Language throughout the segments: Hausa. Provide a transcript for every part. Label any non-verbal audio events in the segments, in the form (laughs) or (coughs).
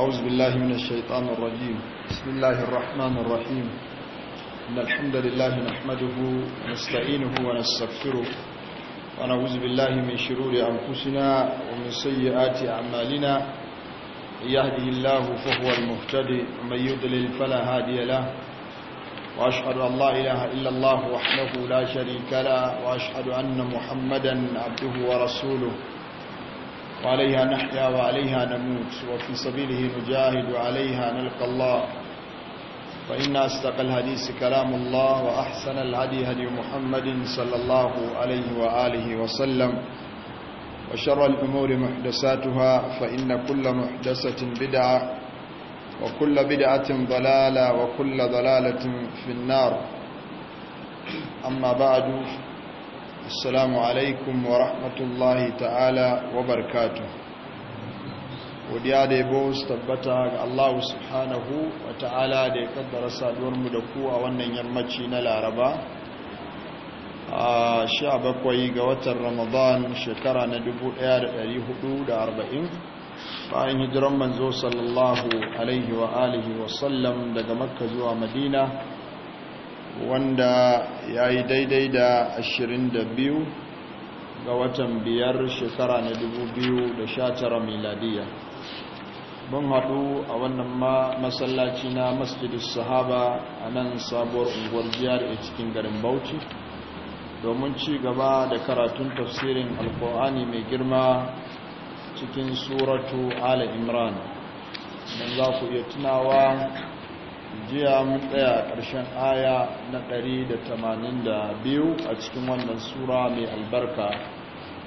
أعوذ بالله من الشيطان الرجيم بسم الله الرحمن الرحيم إن الحمد لله نحمده ونستعينه ونستغفره ونعوذ بالله من شرور أنفسنا ومن سيئات أعمالنا يهده الله فهو المهتدي ومن يضلل فلا هادي له وأشهد أن لا إله إلا الله وحده لا شريك له وأشهد أن محمدا عبده ورسوله وعليها نحيا وعليها نموت وفي سبيله نجاهد وعليها نلقى الله فإن أصدق الحديث كلام الله وأحسن الهدي هدي محمد صلى الله عليه وآله وسلم وشر الأمور محدثاتها فإن كل محدثة بدعة وكل بدعة ضلالة وكل ضلالة في النار أما بعد السلام عليكم ورحمة الله تعالى وبركاته وديا دي da ya الله سبحانه وتعالى دي قدر سادور مدكو وانا يمتشي نلا ربا sha bakwai ga watan ramadan shekara na 1440 bayan hijiran manzo sallallahu alaihi wa alihi wasallam daga makka zuwa madina wanda ya yi daidai da 22 ga watan biyar shekara na 2019 miladiya ban haɗu a wannan masallaci na masjidus sahaba a nan sabuwar unguwar jihar a cikin garin bauchi domin ci gaba da karatun tafsirin alkur'ani mai girma cikin suratu ala imran don za ku iya tunawa jiya mun tsaya ƙarshen aya na 182 a cikin wannan sura mai albarka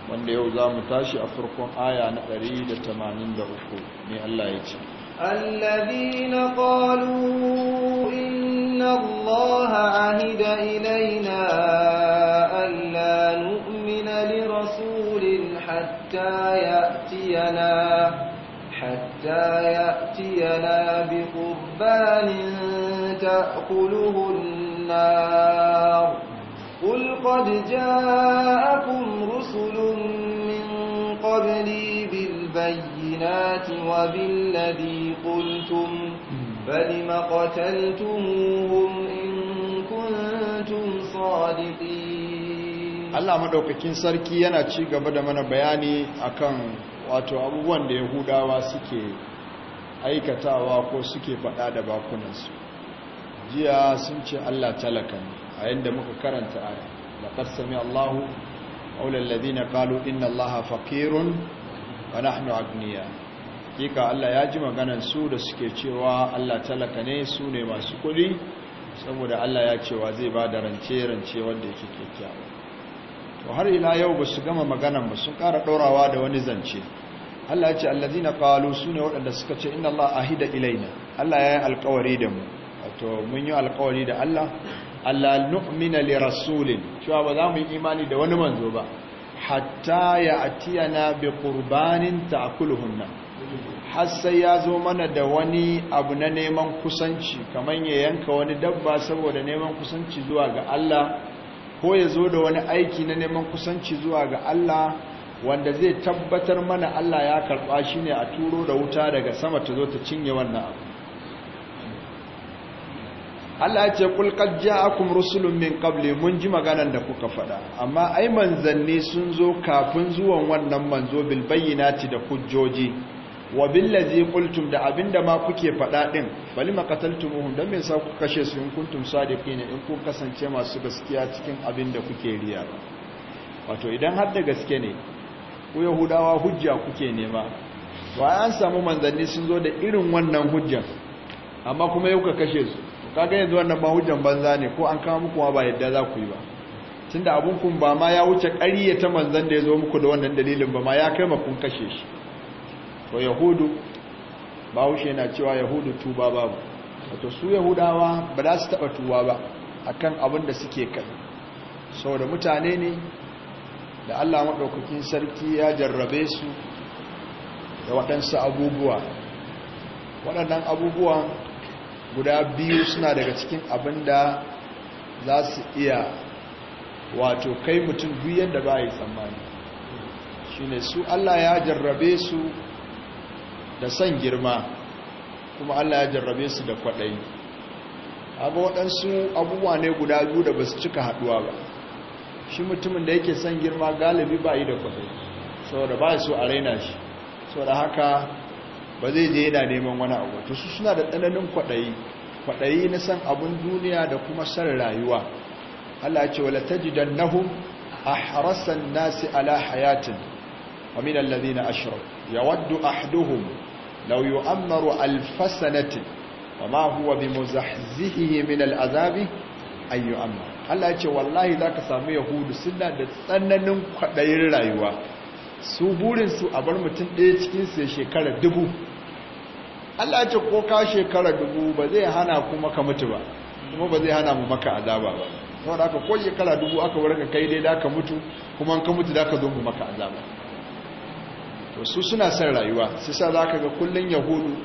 wanda yau za mu tashi a farkon aya na 183 ne Allah ya ce الذين قالوا إن الله عهد إلينا ألا نؤمن لرسول حتى يأتينا حتى حتى يأتينا بقربان تأكله النار قل قد جاءكم رسل من قبلي بالبينات وبالذي قلتم فلم قتلتموهم إن كنتم صادقين الله مدوككين سركي ينا تشيغ بدا من بياني أكان wato abubuwan da yahudawa suke aikatawa ko suke faɗa da bakunansu jiya sun ce allah talaka ne a yadda muka karanta aya da karsami allahu qawla na kalu inna allaha fakirun wa nahnu agniya kika allah ya ji maganan su da suke cewa allah talaka ne su ne masu kuɗi saboda allah ya cewa zai ba da rance rance wanda yake kyakkyawa to har ila yau ba su gama maganan ba sun kara ɗorawa da wani zance Allah ya ce allazina qalu sune waɗanda suka ce inna Allah ahida ilaina Allah ya yi alƙawari da mu wato mun yi alƙawari da Allah Allah nu'mina li rasulin cewa ba za mu yi imani da wani manzo ba hatta ya atiyana bi qurbanin ta'kuluhunna har sai ya zo mana da wani abu na neman kusanci kamar ya yanka wani dabba saboda neman kusanci zuwa ga Allah ko ya zo da wani aiki na neman kusanci zuwa ga Allah wanda zai tabbatar mana Allah ya karɓa shi ne a turo da wuta daga sama ta zo ta cinye wannan abu Allah ya ce kulkar ja'akum rusulun min qabli mun ji maganar da kuka faɗa amma ai manzanni sun zo kafin zuwan wannan manzo bil bayyinati da hujjoji wa billazi qultum da abinda ma kuke faɗa din bali maqataltumuhum dan me sa kuka kashe su in kuntum sadiqin in ku kasance masu gaskiya cikin abinda kuke riya wato idan har da gaske ne ku yahudawa hujja kuke nema wa an samu manzanni sun zo da irin wannan hujjan amma kuma yau ka kashe su kaga yanzu wannan ba hujjan banza ne ko an kawo muku ba yadda za ku yi ba tunda abun kun ba ma ya wuce ƙariya ta manzan da ya zo muku da wannan dalilin ba ma ya kai ma kun kashe shi to yahudu bahaushe na cewa yahudu tuba babu wato su yahudawa ba za su taba tuba ba akan abin da suke kai saboda mutane ne da Allah maɗaukakin sarki ya jarrabe su da waɗansu abubuwa waɗannan abubuwa guda biyu suna daga cikin abin da za su iya wato kai mutum duk yadda ba yi tsammani shi ne su Allah ya jarrabe su da son girma kuma Allah ya jarrabe su da kwaɗayi abu waɗansu abubuwa ne guda biyu da ba su cika haɗuwa ba shi mutumin da yake son girma galibi ba yi da kwaɗayi saboda ba su a raina shi saboda haka ba zai je yana neman wani abu to su suna da tsananin kwaɗayi kwaɗayi na san abin duniya da kuma san rayuwa Allah ce wala a harassan nasi ala hayatin ومن الذين أشركوا يود أحدهم لو يؤمر ألف سنة وما هو بمزحزحه من العذاب أن يؤمر Allah ya ce wallahi za ka samu yahudu suna da tsananin kwaɗayin rayuwa su burinsu a bar mutum ɗaya cikinsu ya shekara dubu Allah ya ce ko ka shekara dubu ba zai hana kuma ka mutu ba kuma ba zai hana mu maka azaba ba saboda haka ko shekara dubu aka wurin ka kai dai da ka mutu kuma an ka mutu da ka zo mu maka azaba to su suna son rayuwa su sa za ka ga kullum yahudu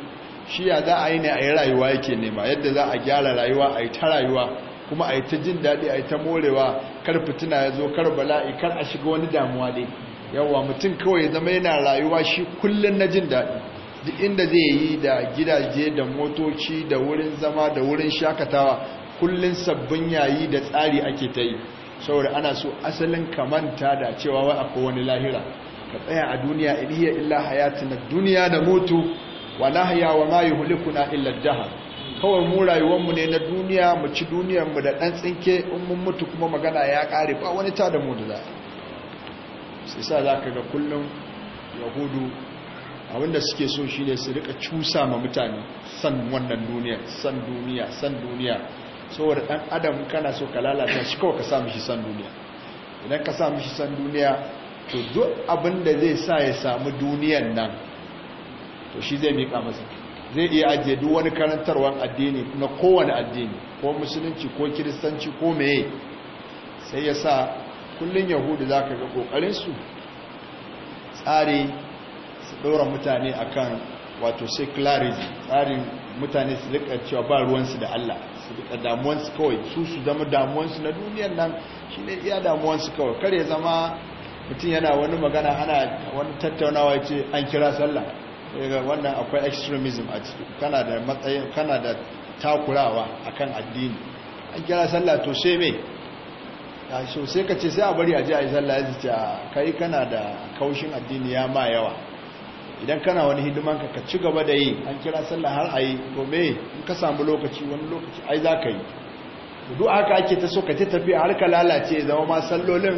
shi ya za a yi ne a yi rayuwa yake nema yadda za a gyara rayuwa a yi ta rayuwa kuma a yi ta jin daɗi a yi ta morewa kar fitina ya zo kar bala'i kar a shiga wani damuwa ne yawwa mutum kawai zama yana rayuwa shi kullum na jin daɗi duk inda zai yi da gidaje da motoci da wurin zama da wurin shakatawa kullum sabbin yayi da tsari ake ta yi saboda ana so asalin kamanta da cewa wai akwai wani lahira ka tsaya a duniya in ya illa hayatina duniya da mutu wa nahya wa ma na illa jiha. kawai mu rayuwar mu ne na duniya mu ci duniyar mu da dan tsinke in mun mutu kuma magana ya kare ba wani ta da mu da za sai sa zaka ga kullum yahudu abinda suke so shine su rika cusa ma mutane san wannan duniya san duniya san duniya saboda dan adam kana so ka lalata shi kawai ka sa mishi san duniya idan ka sa mishi san duniya to duk abin da zai sa ya samu duniyan nan to shi zai miƙa masa zai iya ajiye duk wani karantarwar addini na kowane addini ko musulunci ko kiristanci ko meye sai ya sa kullum yahudu za ka ga ƙoƙarinsu tsari su ɗora mutane a kan wato secularism tsarin mutane su rika cewa ba ruwansu da Allah su rika damuwansu kawai su su zama damuwansu na duniyan nan shi ne iya damuwansu kawai kar ya zama mutum yana wani magana ana wani tattaunawa ce an kira sallah wannan akwai extremism a ciki kana da matsayin kana da takurawa akan addini an kira sallah to sai me so sai ka ce sai a bari a ji a yi sallah ya ce kai kana da kaushin addini ya ma yawa idan kana wani hidiman ka ka ci gaba da yi an kira sallah har a yi to me in ka samu lokaci wani lokaci ai za ka yi duk haka ake ta so ka ta tafi har ka lalace zama ma sallolin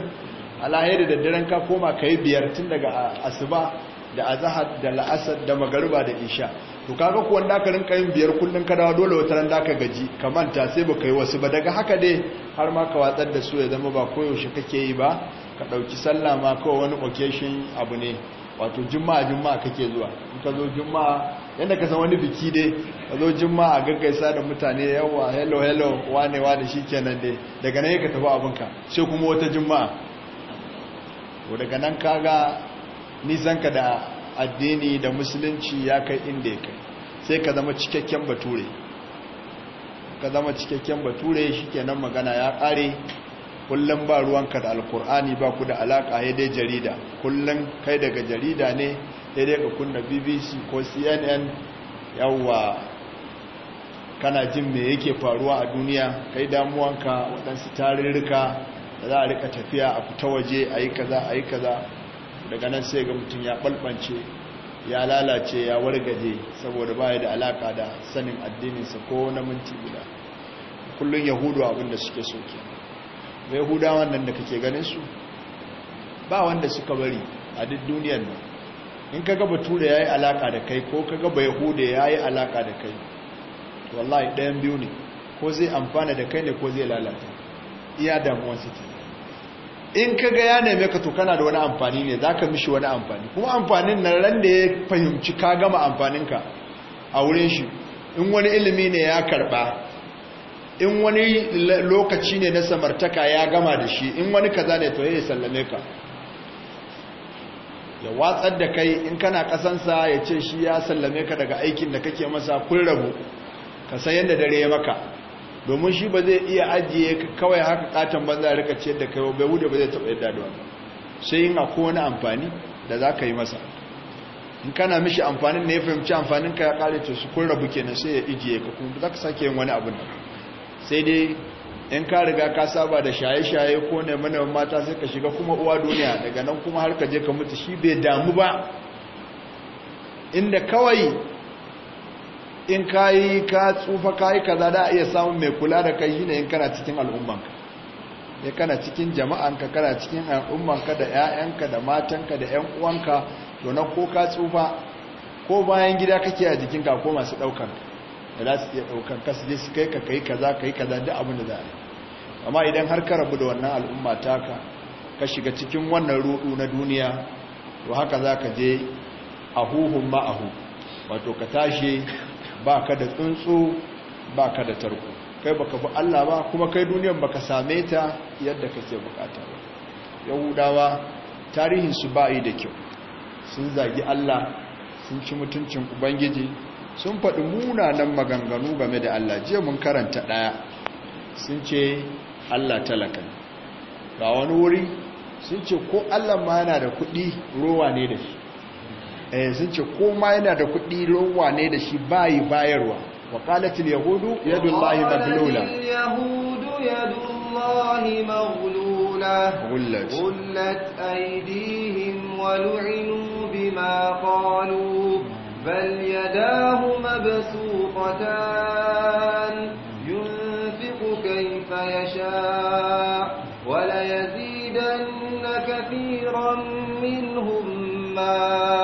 alahari da daren ka koma ka yi biyar tun daga asuba da azahar da la'asar da magaruba da isha to kaga kuwan dakarin ka yin biyar kullum ka dawa dole wata da ka gaji ka manta sai baka yi wasu ba daga haka dai har ma ka watsar da su ya zama ba koyaushe kake yi ba ka dauki sallah ma kawai wani occasion abu ne wato juma'a juma'a kake zuwa in ka zo juma'a yadda ka san wani biki dai ka zo juma'a gaggaisa da mutane yawa hello hello wane wane shikenan dai daga nan ka tafi abinka sai kuma wata juma'a to daga nan kaga nisanka da addini da musulunci ya kai inda ya kai sai ka zama cikakken bature ka zama cikakken bature shikenan magana ya kare kullum ba ruwanka da alkur'ani ba ku da alaka ya dai jarida kullum kai daga jarida ne ya dai ka kunna bbc ko cnn yawwa kana jin me yake faruwa a duniya kai damuwanka waɗansu tarirrika da za a rika tafiya a fita waje a yi kaza a yi kaza daga nan sai ga mutum ya ɓalɓance ya lalace ya wargaje saboda baya da alaka da sanin addininsa ko na minti guda kullum yahudu abinda suke soke mai yahuda wannan da kake ganin su ba wanda suka bari a duk duniyar nan in ka gaba tura ya yi alaka da kai ko ka gaba yahuda ya yi alaka da kai wallahi ɗayan biyu ne ko zai amfana da kai ne ko zai lalata iya damuwa suke in ka ga ya neme ka to kana da wani amfani ne za ka mishi wani amfani kuma amfanin nan ran da ya fahimci ka gama amfaninka a wurin shi in wani ilimi ne ya karba in wani lokaci ne na samartaka ya gama da shi in wani kaza ne to ya sallame ka ya watsar da kai in kana kasansa ya ce shi ya sallame ka daga aikin da kake masa kun rabu ka san yadda dare ya maka domin shi ba zai iya ajiye kawai haka katon banza rika ce da kai bai wuda ba zai taɓa yadda da wani sai yin akwai wani amfani da za ka yi masa in kana mishi amfanin na ya fahimci amfanin ka ya ƙare su kun rabu kenan sai ya ijiye ka kuma za ka sake yin wani abin sai dai in ka riga ka saba da shaye-shaye ko ne mana mata sai ka shiga kuma uwa duniya daga nan kuma har ka je ka mutu shi bai damu ba inda kawai in kayi ka tsufa kayi za da iya samun mai kula da kai ne in kana cikin al'ummanka ya kana cikin jama'anka kana cikin al'ummanka da 'ya'yanka da matanka da 'yan uwanka to na ko ka tsufa ko bayan gida kake a jikinka ko masu daukar da za su iya daukar ka su je su kai ka kai kaza kai kaza duk abin da za a yi amma idan har ka rabu da wannan al'umma taka ka shiga cikin wannan rudu na duniya to haka za ka je a huhun ma'ahu wato ka tashi ba ka da tsuntsu ba ka da tarko kai baka fi Allah ba kuma kai duniyar baka same ta yadda kake bukata ba yahudawa tarihin su ba'i da kyau sun zagi Allah sun ci mutuncin ubangiji sun faɗi munanan maganganu game da Allah jiya mun karanta ɗaya sun ce Allah talaka ga wani wuri sun ce ko Allah ma yana da kuɗi rowa ne da shi Eh, sun ce koma yana da kuɗi lowa ne da shi bayi bayarwa wa qalatil yahudu yadullahi maglula yahudu yadullahi maglula qullat aydihim wa lu'inu bima qalu bal yadahu mabsuqatan yunfiqu kayfa yasha wa la yazidanna katiran minhum ma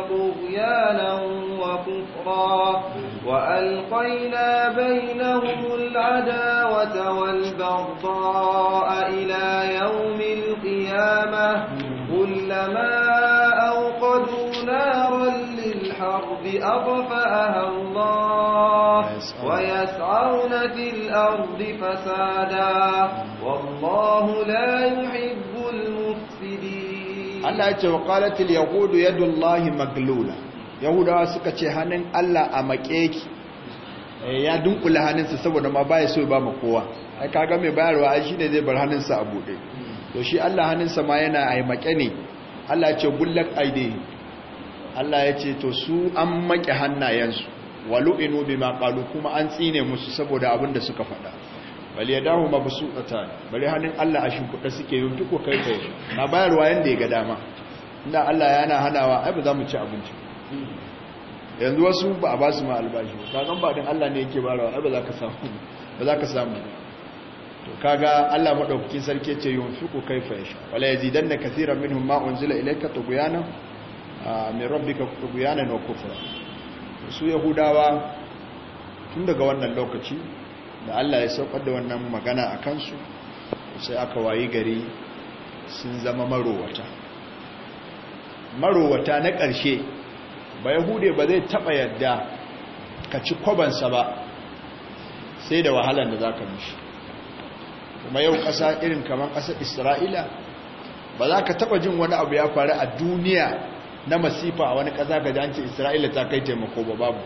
طغيانا وكفرا وألقينا بينهم العداوة والبغضاء إلى يوم القيامة كلما أوقدوا نارا للحرب أطفأها الله ويسعون في الأرض فسادا والله لا يحب Allah ya ce wa qalatil yahudu Allah maglula yahudawa suka ce hannun Allah a makeki eh, ya dunkula hannunsa saboda ma baya so ba ma kowa ai kaga mai bayarwa ai shine zai bar hannunsa a bude to shi Allah hannunsa ma yana ai make ne Allah ya ce gullak aidihi Allah ya ce to su an make hannayensu walu'inu bima qalu kuma an tsine musu saboda abin da suka faɗa bali ya ma busu ta bali hannun Allah a shimfuka suke yi duk kai kai na bayarwa yanda ya ga dama inda Allah yana hanawa ai ba za mu ci abinci yanzu wasu ba a ba su ma albashi ka san ba din Allah ne yake bayarwa ai ba za ka samu ba za ka samu to kaga Allah madaukakin sarki ce yunfiqu kaifa yasha wala na kasira minhum ma unzila ilayka tughyana ah, min rabbika tughyana wa kufra su yahudawa tun daga wannan lokaci da Allah ya saukar da wannan magana a kansu sai aka wayi gari sun zama marowata marowata na ƙarshe ba yahude ba zai taɓa yadda ka ci kwabansa ba sai da wahalar da za ka mishi kuma yau ƙasa irin kamar ƙasar isra'ila ba za ka taɓa jin wani abu ya faru a duniya na masifa a wani ƙasa ga jancin isra'ila ta kai taimako ba babu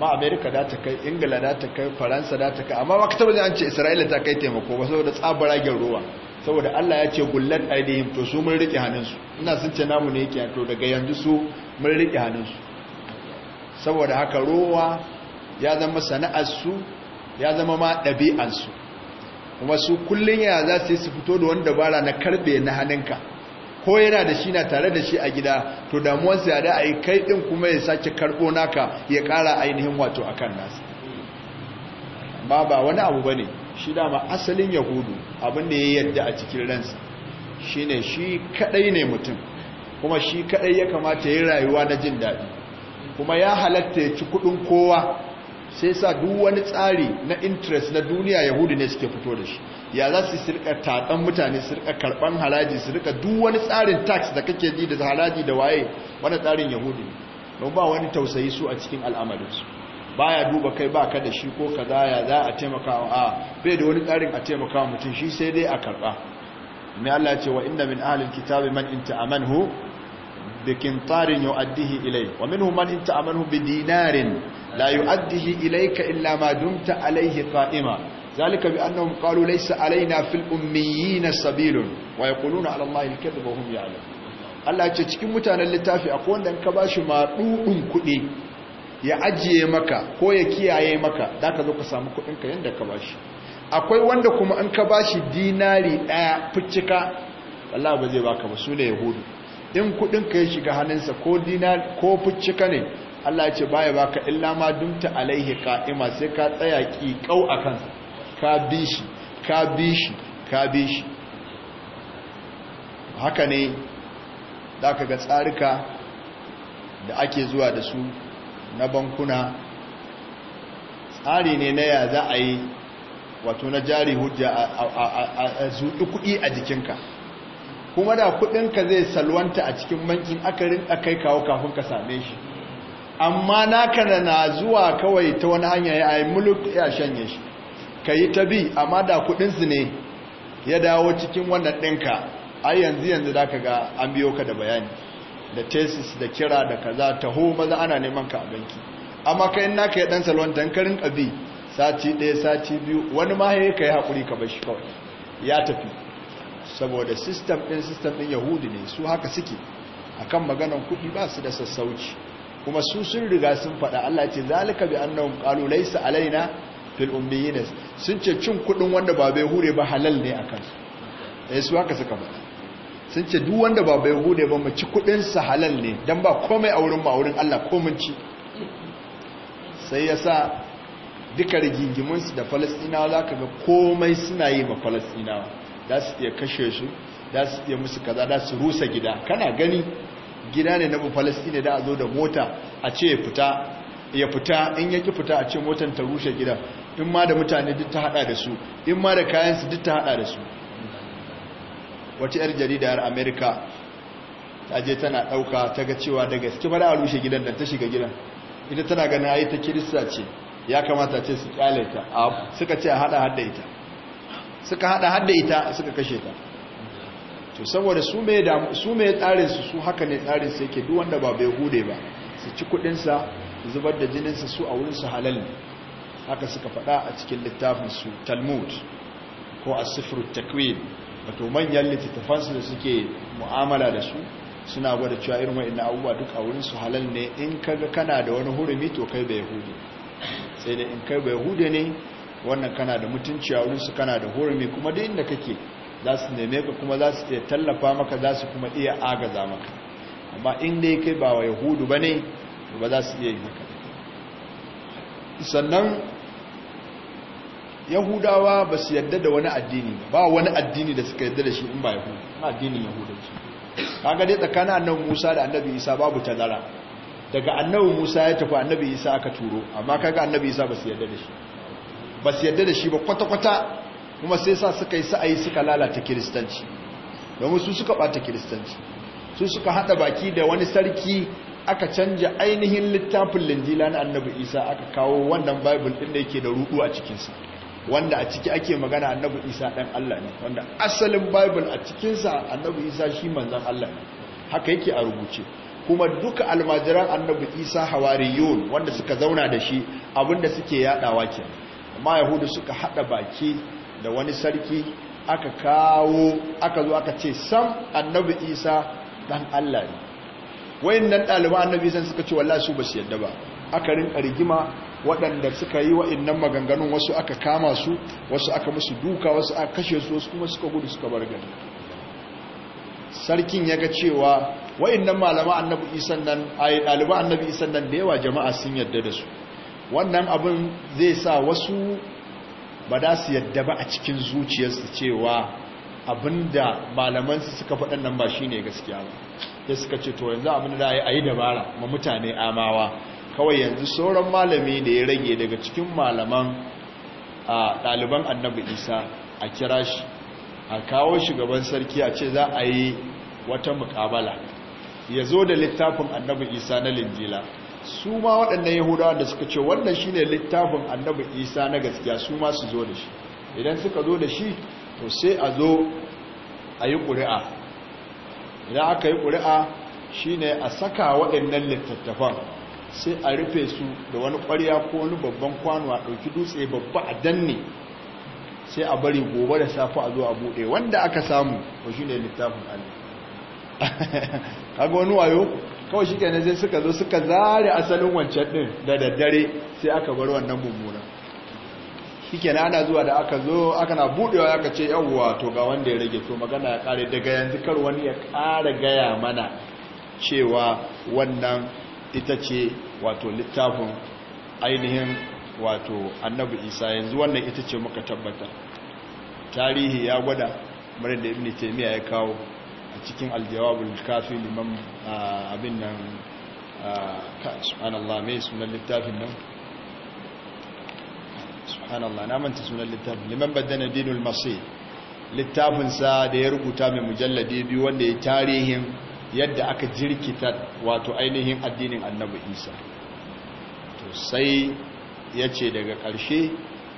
amma amerika da ta kai ingila da ta kai faransa da ta kai amma ba ka an ce isra'ila ta kai taimako ba saboda tsabaragen ruwa saboda allah ya ce gullar ainihin to su mun riƙe hannunsu ina sun ce namu ne yake to daga yanzu su mun riƙe hannunsu saboda haka ruwa ya zama sana'arsu ya zama ma ɗabi'ansu kuma su kullum ya za su yi su fito da wani dabara na karɓe na hannunka ko yana da shi na tare da shi a gida to damuwarsa ya da a kai ɗin kuma ya sake karɓo naka ya ƙara ainihin wato a kan nasa Amma ba wani abu ba ne shi dama asalin yahudu abinda ya yadda a cikin ransa shi ne shi kaɗai ne mutum kuma shi kaɗai ya kamata ya yi rayuwa na jin daɗi kuma ya halatta ya ci kuɗin kowa sai sa duk wani tsari na interest na duniya yahudi ne suke fito da shi ya za su sirka taɗan mutane su rika karɓan haraji su duk wani tsarin tax da kake ji da haraji da waye wani tsarin yahudi ne don ba wani tausayi su a cikin al'amarinsu ba ya duba kai ba ka da shi ko ka ya za a taimaka a bai da wani tsarin a taimaka mutum shi sai dai a karɓa mai Allah ce wa min ahalin kitabi man in ta'amanhu بقنطار يؤديه إليه ومنهم من انت أمنه بدينار لا يؤديه إليك إلا ما دمت عليه قائما ذلك بأنهم قالوا ليس علينا في الأميين سبيل ويقولون على الله الكذب وهم يعلمون Allah ce cikin mutanen littafi akwai wanda ka bashi maɗuɗin kuɗi ya ajiye maka ko ya kiyaye maka da ka zo ka samu kuɗinka yadda ka bashi akwai wanda kuma an ka bashi dinari ɗaya ficcika Allah ba zai baka ba su ne yahudu in kudin ka ya shiga hannunsa ko dina ko fuccika ne Allah ya ce baya baka illa ma dumta alaihe qa'ima sai ka tsaya ki kau akan ka bi shi ka bi shi ka bi shi haka ne zaka ga tsarika da ake zuwa da su na bankuna tsari ne na ya za a yi wato na jari hujja a zuɗi kuɗi a jikinka kuma da kudinka zai salwanta a cikin bankin akarin akai kawo kafin ka same shi amma naka na na zuwa kawai ta wani hanya ya yi muluk ya shanye shi ka yi ta bi amma da kudinsu ne ya dawo cikin wannan ɗinka a yanzu yanzu da ka ga an biyo ka da bayani da tesis da kira da kaza taho maza ana neman ka a banki amma kai naka ya ɗan salwanta karin bi sati ɗaya sati biyu wani ma ya yi ka yi haƙuri ka bashi kawai ya tafi saboda system din system din yahudu ne su haka suke akan maganan kuɗi ba su da sassauci kuma su sun riga sun faɗa Allah ce zalika bi annahum qalu laysa alaina fil ummiyin sun ce cin kuɗin wanda ba bai hure ba halal ne akan su eh su haka suka faɗa sun ce duk wanda ba bai hure ba mu ci kuɗin sa halal ne dan ba komai a wurin a wurin Allah ko mun ci sai yasa duka rigingimin su da Falastinawa zaka ga komai suna yi ma Falastinawa da su iya kashe su da su iya musu kaza da su rusa gida kana gani gida ne na bu da a zo da mota a ce ya fita ya fita in yaki fita a ce motan ta rushe gidan in ma da mutane duk ta hada da su in ma da kayan su duk ta hada da su wata yar jaridar america ta je tana dauka ta ga cewa da gaske ba da a rushe gidan da ta shiga gidan ita tana ganin ayi ta kirista ce ya kamata ce su kyale ta suka ce a hada hada ita suka hada hada ita suka kashe ta to saboda su mai su mai tsarin su su haka ne tsarin su yake duk wanda ba bai hude ba su ci kudin sa zubar da jininsa su a wurin su halal ne haka suka fada a cikin littafin su Talmud ko a sifru takwin wato manyan littattafansu da suke mu'amala da su suna gwada cewa irin wa'annan abubuwa duk a wurin su halal ne in kaga kana da wani hurumi to kai bai hude sai da in kai bai hude ne wannan kana da mutunci a wurinsu kana da hurumi kuma da inda kake za su neme ka kuma za su iya tallafa maka za su kuma iya agaza maka amma inda ya kai ba wa yahudu ba ne ba za su iya yi maka. sannan yahudawa ba su yadda da wani addini ba wani addini da suka yadda da shi in ba yahudu addinin yahudanci kaga dai tsakanin annabi musa da annabi isa babu tazara daga annabi musa ya tafi annabi isa aka turo amma kaga annabi isa ba su yadda da shi ba su yadda da shi ba kwata-kwata kuma sai sa suka yi sa'ayi suka lalata kiristanci domin su suka bata kiristanci su suka hada baki da wani sarki aka canja ainihin littafin linjila na annabi isa aka kawo wannan bible din da yake da rudu a cikinsa wanda a ciki ake magana annabi isa dan allah ne wanda asalin bible a cikinsa annabi isa shi manzan allah ne haka yake a rubuce kuma duka almajiran annabi isa hawariyun wanda suka zauna da shi abinda suke yadawa kenan amma yahudu suka hada baki da wani sarki aka kawo aka zo aka ce sam annabi isa dan allah ne nan ɗaliban annabi isa suka ce wallahi su ba su yadda ba aka rinka rigima waɗanda suka yi wa'innan maganganun wasu aka kama su wasu aka musu duka wasu aka kashe su wasu kuma suka gudu suka bar gari sarkin ya ga cewa wa'innan malama annabi isan nan ayi ɗaliban annabi isan nan da yawa jama'a sun yadda da su wannan abin zai sa wasu ba da su yadda ba a cikin zuciyarsu cewa abinda malamansu suka faɗin nan ba shi ne gaskiya ba da suka ce to yanzu abin da ya yi dabara ma mutane amawa kawai yanzu sauran malami da ya rage daga cikin malaman a ɗaliban annabi isa a kira shi a kawo shugaban sarki a ce za a yi wata mukabala ya zo da littafin annabi isa na linjila su ma waɗannan yahudawa da suka ce wannan shine littafin annabi isa na gaskiya su ma su zo da shi idan suka zo da shi to sai a zo a yi ƙuri'a idan aka yi ƙuri'a shine a saka waɗannan littattafan sai a rufe su da wani ƙwarya ko wani babban kwano a ɗauki dutse babba a danne sai a bari gobe da safe a zo a buɗe wanda aka samu ko shine littafin allah (laughs) kaga wani wayo kawai shi kenan sai suka zo suka zare asalin wancan din da daddare sai aka bar wannan mummuna shi kenan ana zuwa da aka zo aka na budewa aka ce yawwa to ga wanda ya rage to magana ya kare daga yanzu kar wani ya kara gaya mana cewa wannan ita ce wato littafin ainihin wato annabi isa yanzu wannan ita ce muka tabbata tarihi ya gwada marar da ibn taymiya ya kawo A cikin aljawabul kafi liman abin nan subhanallah mai sunan littafin nan subhanallah na manta sunan littafin liman baddana dinul masir littafinsa da ya rubuta mai mujallade biyu wanda ya tarihin yadda aka jirkita wato ainihin addinin annabi isa to sai ya ce daga ƙarshe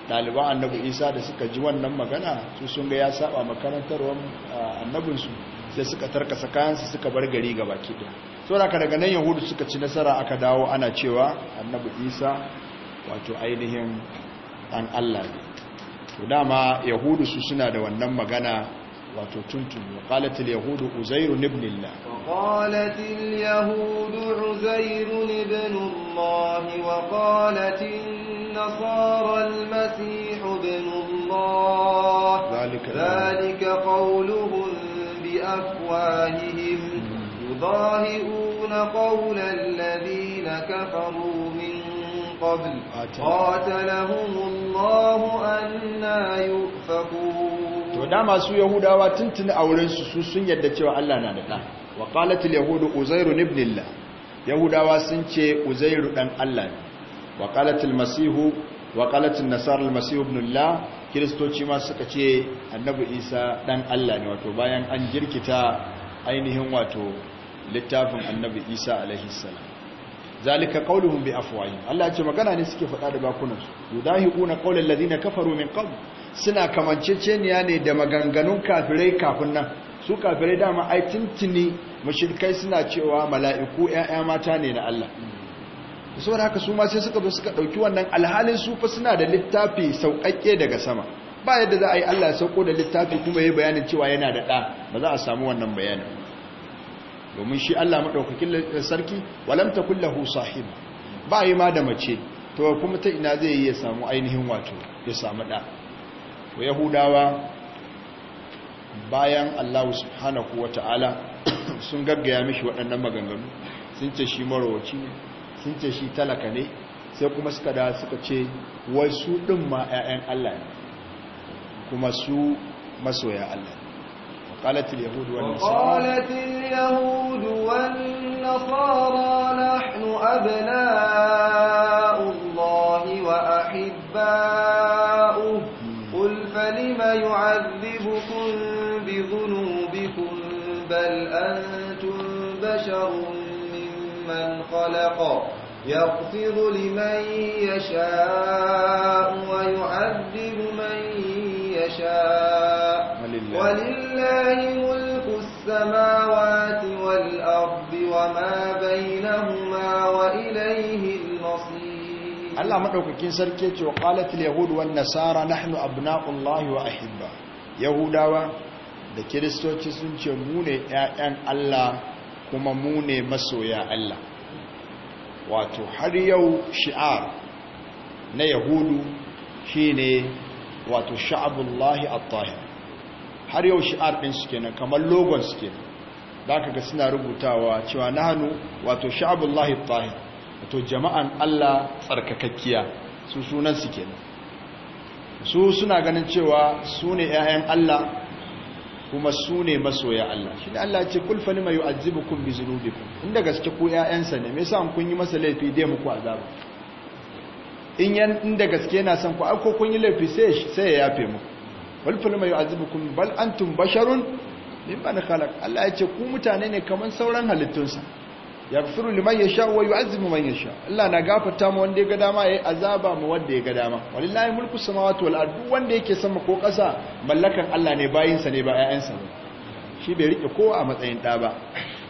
ɗaliban annabi isa da suka ji wannan magana su sun ga ya saba makarantarwar annabinsu sai suka tarkasa kayansu suka bar gari ga so da ka daga nan yahudu suka ci nasara aka dawo ana cewa annabi isa wato ainihin dan allah ne to dama yahudu su suna da wannan magana wato tuntun qalatil yahudu uzairu ibn allah qalatil yahudu uzairu ibn allah wa qalatin nasara al بأفواههم يضاهئون قول to dama su yahudawa tuntuni auren su sun yadda cewa Allah na da ɗa wa qalatil yahudu uzairun ibn Allah yahudawa sun ce uzairu ɗan Allah ne wakalatul masihu waƙalatin nasarar masu ibnullah kiristoci ma suka ce annabi isa dan allah ne wato bayan an jirkita ainihin wato littafin annabi isa alaihissalam zalika qauluhum bi afwahi allah ce magana ne suke faɗa da bakunansu yudahiquna qaulal na kafaru min qabl suna kamanceceniya ne da maganganun kafirai kafin nan su kafirai dama ai tintini mushrikai suna cewa mala'iku ƴaƴa mata ne na allah saboda haka su ma sai suka zo suka ɗauki wannan alhalin su fa suna da littafi sauƙaƙe daga sama ba yadda za a yi Allah sauƙo sauko da littafi kuma ya yi bayanin cewa yana da ɗa ba za a samu wannan bayanin domin shi Allah maɗaukakin sarki walamta kulla kullahu sahib ba yi ma da mace to kuma ta ina zai yi ya samu ainihin wato ya samu ɗa to yahudawa bayan Allah subhanahu Ta'ala (coughs) sun gaggaya mishi waɗannan maganganu sun ce shi marowaci ne sun ce shi talaka ne sai kuma suka da suka ce wai su ɗin ma 'ya'yan Allah ne kuma su masoya Allah قالت اليهود والنصارى قالت اليهود والنصارى نحن يغفر لمن يشاء ويعذب من يشاء ولله ملك السماوات والأرض وما بينهما وإليه المصير الله مدوكين سركيت وقالت اليهود والنصارى نحن أبناء الله وأحبه يهودا da kiristoci sun ce mu ne 'ya'yan Allah kuma mu ne masoya Allah wato har yau shi'ar na yahudu shine wato sha'abullahi at-tahir har yau shi'ar din suke nan, kamar logon suke kenan da aka ga suna rubutawa cewa hannu wato sha'abullahi at-tahir wato jama'an Allah tsarkakakkiya su sunan suke su suna ganin cewa sune ne 'ya'yan Allah kuma su ne masoya Allah shi Allah ce kul mai lima kun bi kun inda gaske ku ƴaƴansa ne me yasa kun yi masa laifi dai muku azaba in yan inda gaske yana son ku ko kun yi laifi sai sai ya yafe muku wal fa lima yu'azzibukum bal antum basharun mimman khalaq Allah ya ce ku mutane ne kaman sauran halittunsa yaghfiru liman ya sha wa yu'azzibu man yasha Allah na gafata mu wanda ya ga dama yayi azaba mu wanda ya ga dama walillahi mulku samawati wal ardu wanda yake sama ko kasa mallakan Allah ne bayin ne ba ƴaƴan ne shi bai rike kowa a matsayin da ba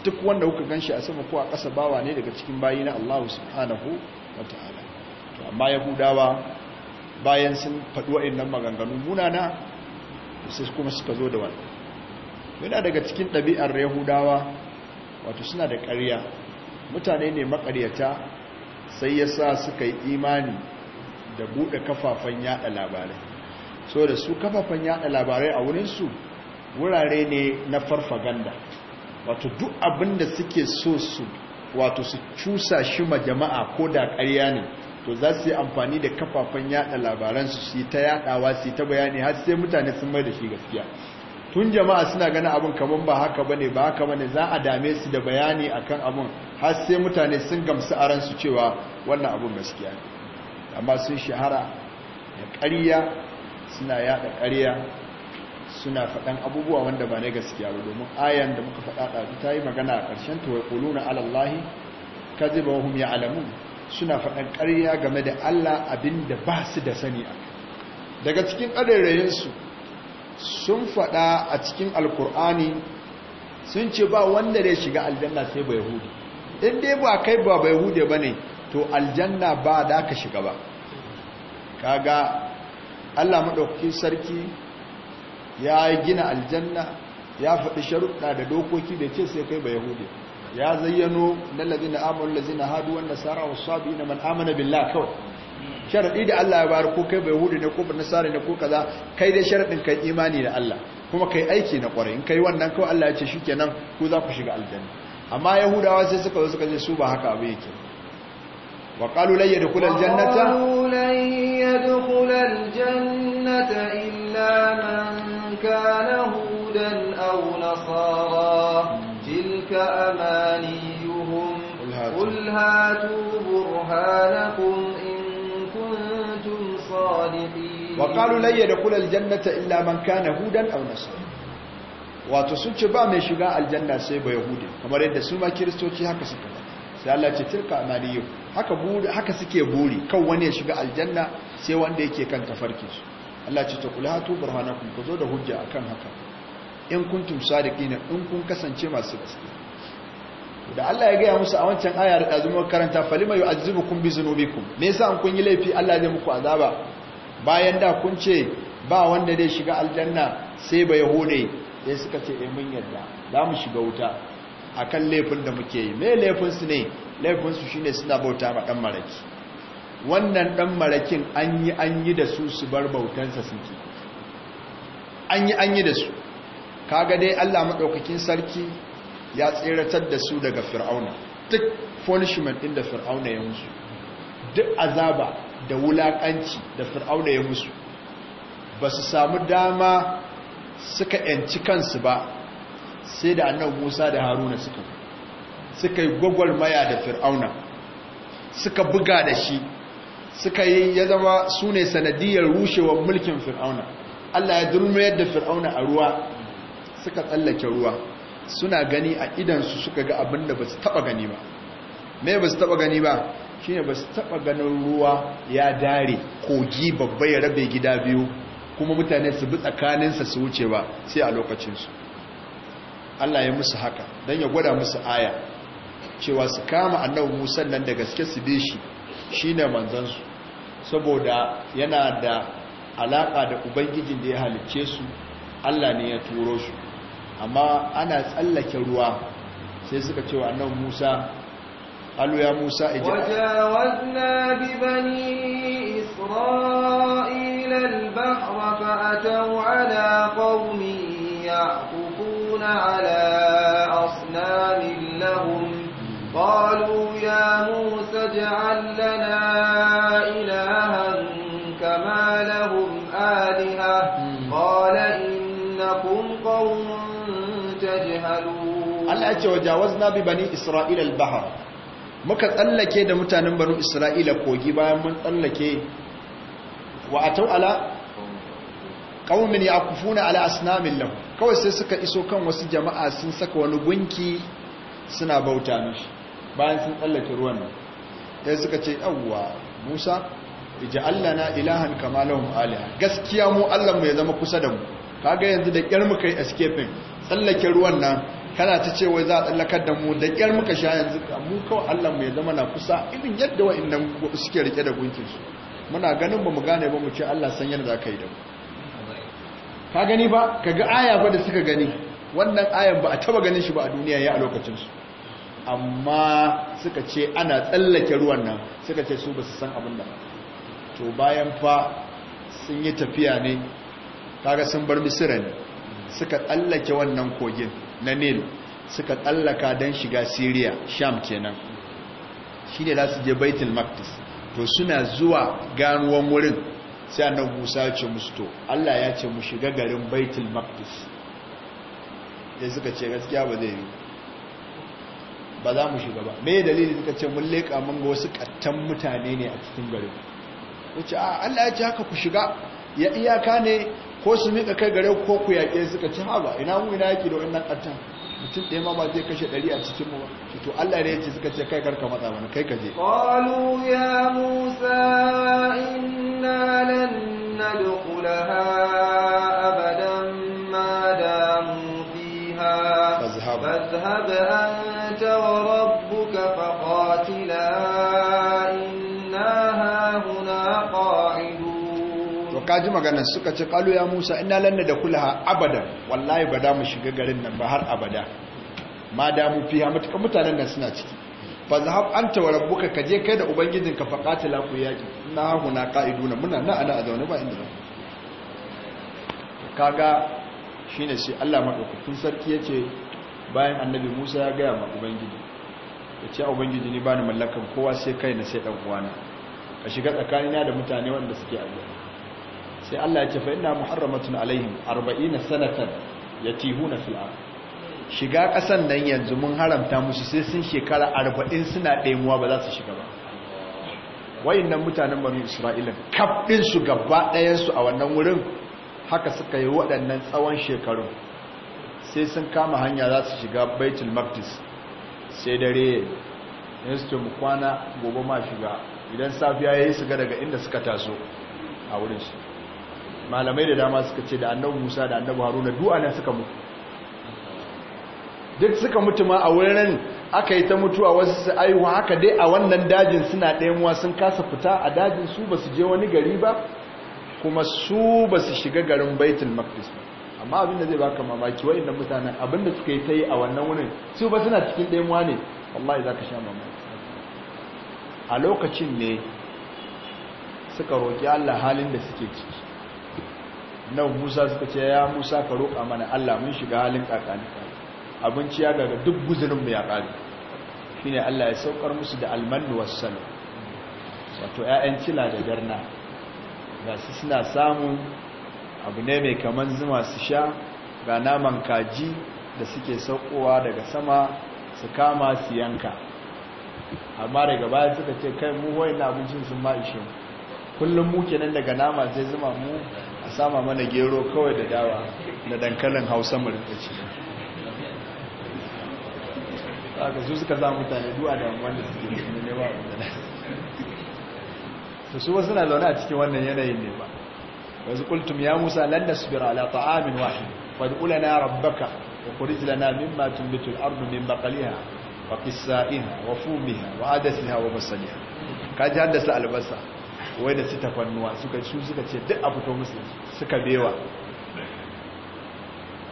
duk wanda kuka ganshi a sama ko a ƙasa bawa ne daga cikin bayi na Allah subhanahu wa ta'ala to amma yahudawa bayan sun faɗi wa'annan maganganu munana sai kuma suka zo da wannan yana daga cikin dabi'ar yahudawa wato suna da ƙarya mutane ne makaryata sai ya sa suka yi imani da bude kafafen yada labarai so da su kafafen yada labarai a wurinsu wurare ne na farfaganda wato duk abinda suke so su wato su cusa shi ma jama'a ko da ƙarya ne to za su yi amfani da kafafen yada labaransu su yi ta yadawa su yi ta bayani har sai mutane sun mai da shi gaskiya tun jama'a suna ganin abin kamar ba haka bane ba haka bane za a dame su da bayani akan abin har sai mutane sun gamsu a ransu cewa wannan abin gaskiya ne amma sun shahara da ƙarya suna yada ƙarya suna faɗan abubuwa wanda ba na gaskiya ba domin ayan da muka faɗa ɗazu ta yi magana a ƙarshen ta wai ƙuluna alallahi ba wahum ya alamu suna faɗan ƙarya game da allah abin da ba su da sani a daga cikin ƙarerayensu sun faɗa a cikin alkur'ani sun ce ba wanda ya shiga aljanna sai ba yahudi in dai ba kai ba ba yahudi ba ne to aljanna ba da ka shiga ba kaga allah maɗauki sarki ya gina aljanna ya faɗi sharuɗa da dokoki da ce sai kai ba yahudi ya zayyano na lazina amon lazina hadu wannan sabi na man amana billah kawai sharaɗi da Allah ya bayar ko kai bai hudu ne ko bai nasara ne ko kaza kai dai sharaɗin kai imani da Allah kuma kai aiki na ƙwarai in kai wannan kawai Allah ya ce shikenan ko za ku shiga aljanna amma yahudawa sai suka zo suka ce su ba haka abu yake wa qalu lan yadkhul aljannata lan aljannata illa man hudan aw nasara tilka amaniyuhum qul hatu burhanakum wa da lan yadkhul aljannata illa man kana hudan aw nasara wato sun ce ba mai shiga aljanna sai ba yahudi kamar yadda su ma kiristoci haka suka sai Allah ce tilka amaniyu haka buri haka suke buri kan wani ya shiga aljanna sai wanda yake kan tafarki su Allah ce ta kula kulatu burhanakum ku zo da hujja akan haka in kuntum sadiqina in kun kasance masu gaskiya da Allah ya gaya musu a wancan aya da "Fali karanta falima yu'azibukum bi zunubikum me yasa an kun yi laifi Allah zai muku azaba bayan da kun ce ba wanda zai shiga aljanna sai ba yahude sai suka ce eh mun yarda za mu shiga wuta akan laifin da muke yi me laifin su ne laifin su shine suna bauta ma dan maraki wannan dan marakin an yi an yi da su su bar bautansa suke an yi an yi da su kaga dai Allah madaukakin sarki ya tseratar da su daga fir'auna duk punishment din da fir'auna ya musu duk azaba da wulakanci da fir'auna ya musu ba su samu dama suka yanci kansu ba sai da annabi Musa da Haruna suka suka yi gwagwalmaya da fir'auna suka buga da shi suka yi ya zama su ne sanadiyar rushewar mulkin fir'auna Allah ya durmayar da fir'auna a ruwa suka tsallake ruwa suna gani a idansu suka ga abin da ba su taba gani ba me ba su taba gani ba shine ba su taba ganin ruwa ya dare kogi babba ya rabe gida biyu kuma mutane su bi tsakaninsa su wuce ba sai a lokacinsu Allah ya musu haka don ya gwada musu aya cewa su kama nan musan nan da gaske su bi shi shine manzansu saboda yana da alaka da ubangijin da ya halicce su Allah ne ya turo su amma ana tsallake ruwa sai suka cewa nan Musa قالوا يا موسى اجعل وجاوزنا ببني إسرائيل البحر فأتوا على قوم يعكفون على أصنام لهم قالوا يا موسى اجعل لنا إلها كما لهم آلهة قال إنكم قوم تجهلون أتى وجاوزنا ببني إسرائيل البحر muka tsallake da mutanen banu isra'ila kogi bayan mun tsallake wa a tau ala qaumin yaqufuna ala asnamin lahu kawai sai suka iso kan wasu jama'a sun saka wani gunki suna bauta mishi bayan sun tsallake ruwan nan sai suka ce yawwa Musa Allah na ilahan kama lahum gaskiya mu Allah mu ya zama kusa da mu kaga yanzu da kyar muka yi escaping tsallake ruwan nan kana ta ce wai za a tsallakar da mu da ƙyar muka sha yanzu mu kawai Allah mu ya zama na kusa irin yadda wa'annan suke rike da gunkinsu. muna ganin ba mu gane ba mu ce Allah san yadda ka yi da mu ka gani ba ka ga aya ba da suka gani wannan ayan ba a taba ganin shi ba a duniya ya a lokacin su amma suka ce ana tsallake ruwan nan suka ce su ba su san abin da to bayan fa sun yi tafiya ne kaga sun bar misira ne suka tsallake wannan kogin na nil suka tsallaka don shiga syria sham kenan shi ne za su je baitul maktis to suna zuwa ganuwan wurin sai annan musa ce musu to allah ya ce mu shiga garin baitul maktis ya suka ce gaskiya ba zai yi ba za mu shiga ba mai dalili suka ce mun leƙa mun ga wasu ƙattan mutane ne a cikin garin wuce a allah ya ce haka ku shiga ya iyaka ne ko su miƙa kai gare ko ku yaƙe suka ci haba ina mu ina yake da wannan ƙartan mutum ɗaya ma ba zai kashe ɗari a cikin mu ba to Allah ne ya ce suka ce kai karka matsa mana kai ka je qalu ya musa inna lan nadkhulaha abadan ma damu fiha fazhab fazhab anta wa kaji maganar suka ce kalu ya musa ina lanna da kulaha abadan wallahi ba da mu shiga garin nan ba har abada ma da mu fiya matuka mutanen nan suna ciki fa zahab anta wa rabbuka ka je kai da ka fa qatila ku yaki na huna qaiduna muna na ana a zaune ba inda ba kaga shine sai Allah madaukakin sarki yace bayan annabi Musa ya ga ma ubangiji yace ubangiji ni bani mallakan kowa sai kai na sai dan uwana ka shiga tsakanina da mutane wanda suke a sai Allah ya ce fa inna muharramatun alaihim 40 sanatan yatihuna fil ard shiga kasan nan yanzu mun haramta musu sai sun shekara 40 suna ɗaimuwa ba za su shiga ba wayannan mutanen bani isra'ila kaf su gaba ɗayan su a wannan wurin haka suka yi waɗannan tsawon shekaru sai sun kama hanya za su shiga baitul maqdis sai dare su mu kwana gobe ma shiga idan safiya yayi su ga daga inda suka taso a wurin shi malamai da dama suka ce da annabu musa da annabu haruna du'a ne suka mutu duk suka mutu ma a wurin aka yi ta mutuwa wasu su aiwa haka dai a wannan dajin suna ɗayanwa sun kasa fita a dajin su ba su je wani gari ba kuma su ba su shiga garin baitul maqdis ba amma abin da zai baka mamaki inda mutanen abin da suka yi ta yi a wannan wurin su ba suna cikin ɗayanwa ne wallahi za ka sha mamaki a lokacin ne suka roƙi Allah halin da suke ciki na musa suka ce ya musa ka roƙa mana allah mun shiga halin kakani abinci ya gaga duk guzurinmu ya ƙari shi ne allah ya saukar musu da almanu wassalo wato 'ya'yan cila da garna ga su suna samun abu ne mai kamar zuma su sha ga naman kaji da suke saukowa daga sama su kama su yanka amma daga baya suka ce kai mu wayan abincin sun ma'ishin kullum muke nan daga nama zai zuma mu sama mana gero kawai da dawa da dankalin hausa mu rinka ga su suka za mutane duwa da wanda suke ne ne ba wanda da su wasu na zaune a cikin wannan yanayin ne ba su kultum ya musa lan bira ala ta'amin wahid fad'u lana rabbaka wa kuri lana min matun bitul ardu min bakaliya wa qissaiha wa fumiha wa adasiha wa Ka kaji haddasa albasa wai da su tafannuwa suka su suka ce duk a fito musu suka bewa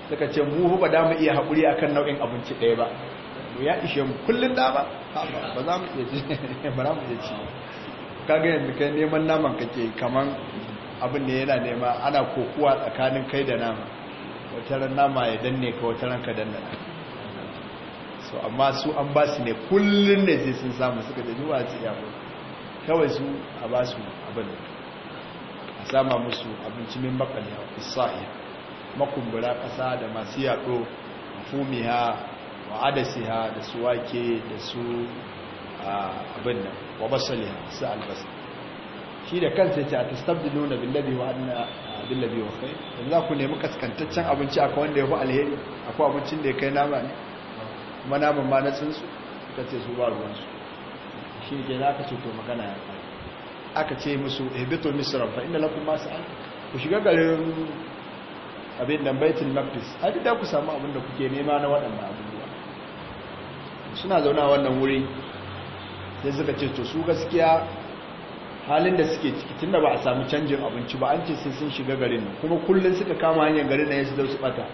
suka ce mu ba da mu iya haƙuri a kan nau'in abinci ɗaya ba mu ya ishe mu kullum da ba (laughs) ba za mu iya ci ba za mu iya ci kaga yanzu kai neman naman ka ke kaman abin da yana nema ana kokuwa tsakanin kai da nama wataran nama ya danne ka wataran ka danna so amma su an ba su ne kullum ne sai sun samu suka da zuwa su iya mutu kawai su a ba su abin a sama musu abinci min a isa'i makumbura kasa da masu yaɗo fumiha wa adasiha da su wake da su abin da wa basaliha su albasa shi da kansa ce a tastabdilu nuna billabi wa annan billabi wa kai yanzu za ku nemi kaskantaccen abinci a akwai da ya fi alheri akwai abincin da ya kai nama ne kuma naman ma na tsinsu ta ce su ba ruwansu shi ke za ka ce to magana ya fara aka ce musu ebito eh, misra fa inda lafi masu an ku shiga garin abin da baitin maqdis har da ku samu abin da kuke nema na waɗanda abubuwa suna zauna wannan wuri sai suka ce to su gaskiya halin da suke ciki tunda ba a samu canjin abinci ba an ce sai sun shiga garin kuma kullum suka kama hanyar garin na yasu da su bata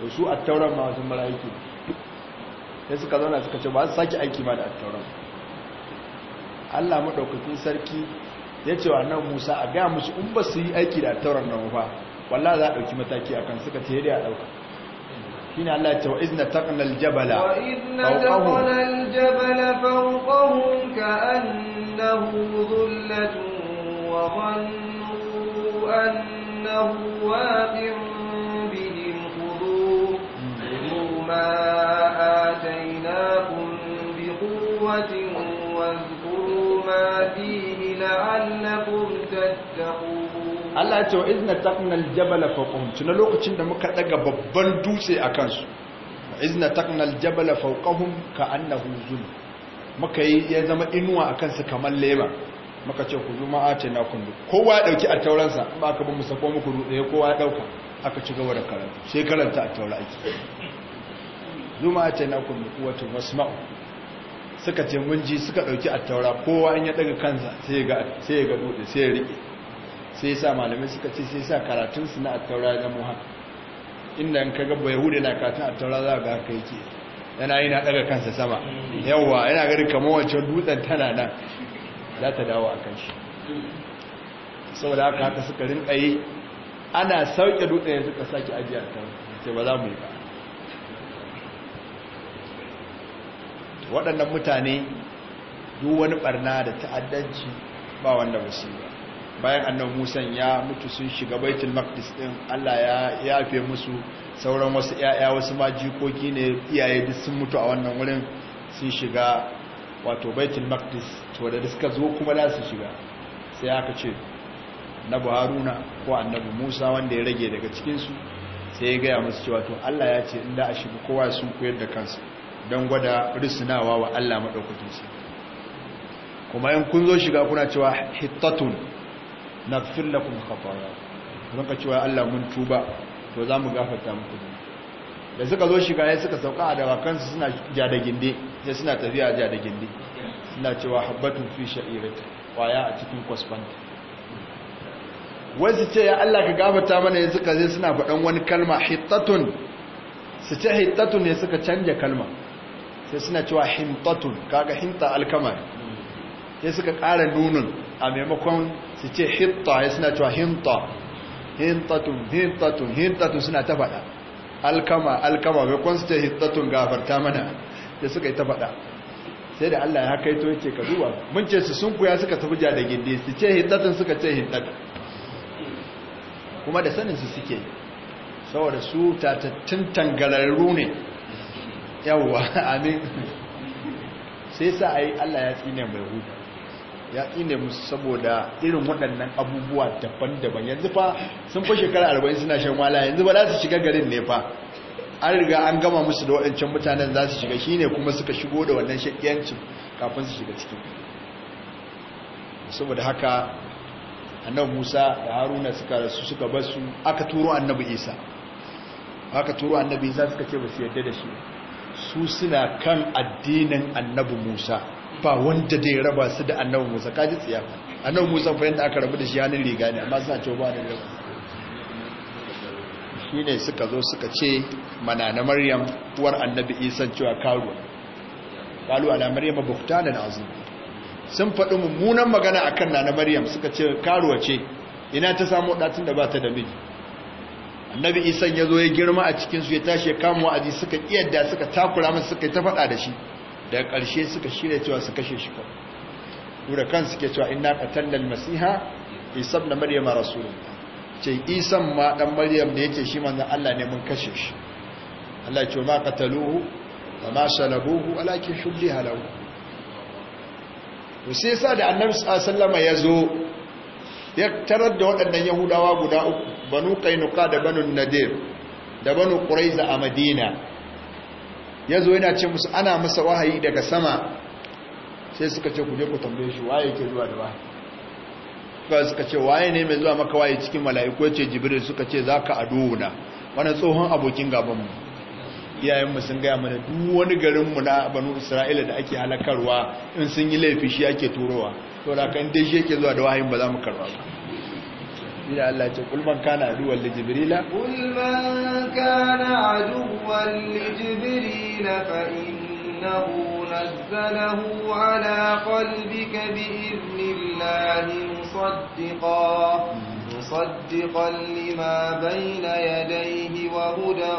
to su a tauran ma wasu mara aiki sai suka zauna suka ce ba su sake aiki ma da a attauran Allah madaukakin sarki ya ce wa nan Musa a ga musu in ba su yi aiki da tauran nan ba wallahi za a dauki mataki akan suka ce da dauka shine Allah ya ce wa izna taqna aljabala wa izna taqna aljabala fawqahum wa dhannu annahu waqi'un Allah ce wa izna taqnal jabala qum tuna lokacin da muka daga babban dutse a kansu izna taqnal jabala fawqahum ka annahu zul muka yi ya zama inuwa a kansu kamar leba muka ce ku zuma a na kun kowa ya dauki a tauransa ba ka bi mu sako muku ruɗe kowa ya dauka aka ci gaba da karanta sai karanta a taura aiki zuma a na kun kuwatu wasma'u suka ce mun ji suka dauki a taura kowa in ya daga kansa sai ya ga sai ya ga dutse sai ya rike sai sa malamai suka ce sai sa karatunsu na attaura ya zama haka inda ka gaba yahuda na karatun attaura za ga haka yake yana yi na daga kansa sama yawwa yana gari kamar wancan dutsen tana nan za ta dawo a kan shi Sau da aka haka suka rinka yi ana sauke dutsen ya suka sake ajiya kan sai ba za mu yi ba waɗannan mutane duk wani ɓarna da ta'addanci ba wanda musu ba bayan annabi Musa ya mutu sun shiga Baitul Maqdis din Allah ya yafe musu sauran wasu 'ya'ya wasu ma jikoki ne iyaye duk sun mutu a wannan wurin sun shiga wato Baitul Maqdis to da suka zo kuma za su shiga sai aka ce annabi Haruna ko annabi Musa wanda ya rage daga cikin su sai ya gaya musu cewa to Allah ya ce in a shiga kowa sun koyar da kansu don gwada risnawa wa Allah madaukakin sa kuma in kun zo shiga kuna cewa hittatun naghfir lakum khataaya rinka cewa Allah mun tuba to za mu gafarta muku da suka zo shiga ya suka sauka a dawakansu suna ja da ginde sai suna tafiya ja da ginde suna cewa habbatun fi sha'irati kwaya a cikin kwasban. wasu ce ya Allah ka gafarta mana ya suka zai suna faɗan wani kalma hittatun su ce hittatun ne suka canja kalma sai suna cewa hintatun kaga hinta alkama sai suka ƙara nunin a maimakon su ce hitta ya suna cewa hinta hintatun hintatun hintatun suna ta faɗa alkama alkama mai kwan su ce hintatun gafarta mana da suka yi ta faɗa sai da Allah ya kaito ya ce ka duba mun ce su sun kuya suka tafi da gindi su ce hintatun suka ce hintatun kuma da sanin su suke saboda su tatattun tangalarru ne yawwa (laughs) amin sai sa yi Allah ya tsine mai hudu ya ƙine musu saboda irin waɗannan abubuwa daban-daban yanzu fa sun fi shekara arba'in suna shan wala yanzu ba za su shiga garin ne fa an riga an gama musu da waɗancan mutanen za su shiga shi ne kuma suka shigo da wannan shakiyancin kafin su shiga cikin saboda haka annabi Musa da Haruna suka rasu suka basu aka turo annabi Isa aka turo annabi Isa suka ce ba su yarda da shi su suna kan addinin annabi Musa ba wanda da ya raba su da annabu musa kaji tsiya annabu musa fa da aka rabu da shi hannun riga ne amma suna cewa ba da raba shi ne suka zo suka ce mana na maryam uwar annabi isan cewa karuwa kalu ala maryam na azim sun faɗi mummunan magana a kan na na maryam suka ce karuwa ce ina ta samu ɗatin da ba ta da miji annabi isan ya zo ya girma a cikinsu ya tashi ya kama wa'azi suka da suka takura masu suka yi ta faɗa da shi daga ƙarshe suka shirya cewa su kashe shi kawai dura kan suke cewa inna qatallal masiha isa ibn maryam rasulullah ce isan ma dan maryam da yake shi manzon Allah ne mun kashe shi Allah ya ce ma qataluhu wa ma salabuhu walakin shubbiha lahu to sai sa da annabi Sallama ya zo. ya tarar da waɗannan yahudawa guda uku banu Kainuka da banu nadir da banu quraiza a madina ya zo yana ce musu ana masa wahayi daga sama sai suka ce ku je ku tambaye shi waye ke zuwa da wahayi suka ce waye ne mai zuwa maka waye cikin mala'iku ce jibril suka ce za ka na wani tsohon abokin gabanmu iyayenmu sun gaya mana duk wani garin mu na banu isra'ila da ake halakarwa in sun yi laifi shi ake turowa to da kan dai shi yake zuwa da wahayi ba za mu karba ba shi da Allah ce kulman kana aduwan li jibrila kulman kana aduwan li jibrila fa innahu nazzalahu ala qalbika bi idnillahi musaddiqan مصدقا لما بين يديه وهدى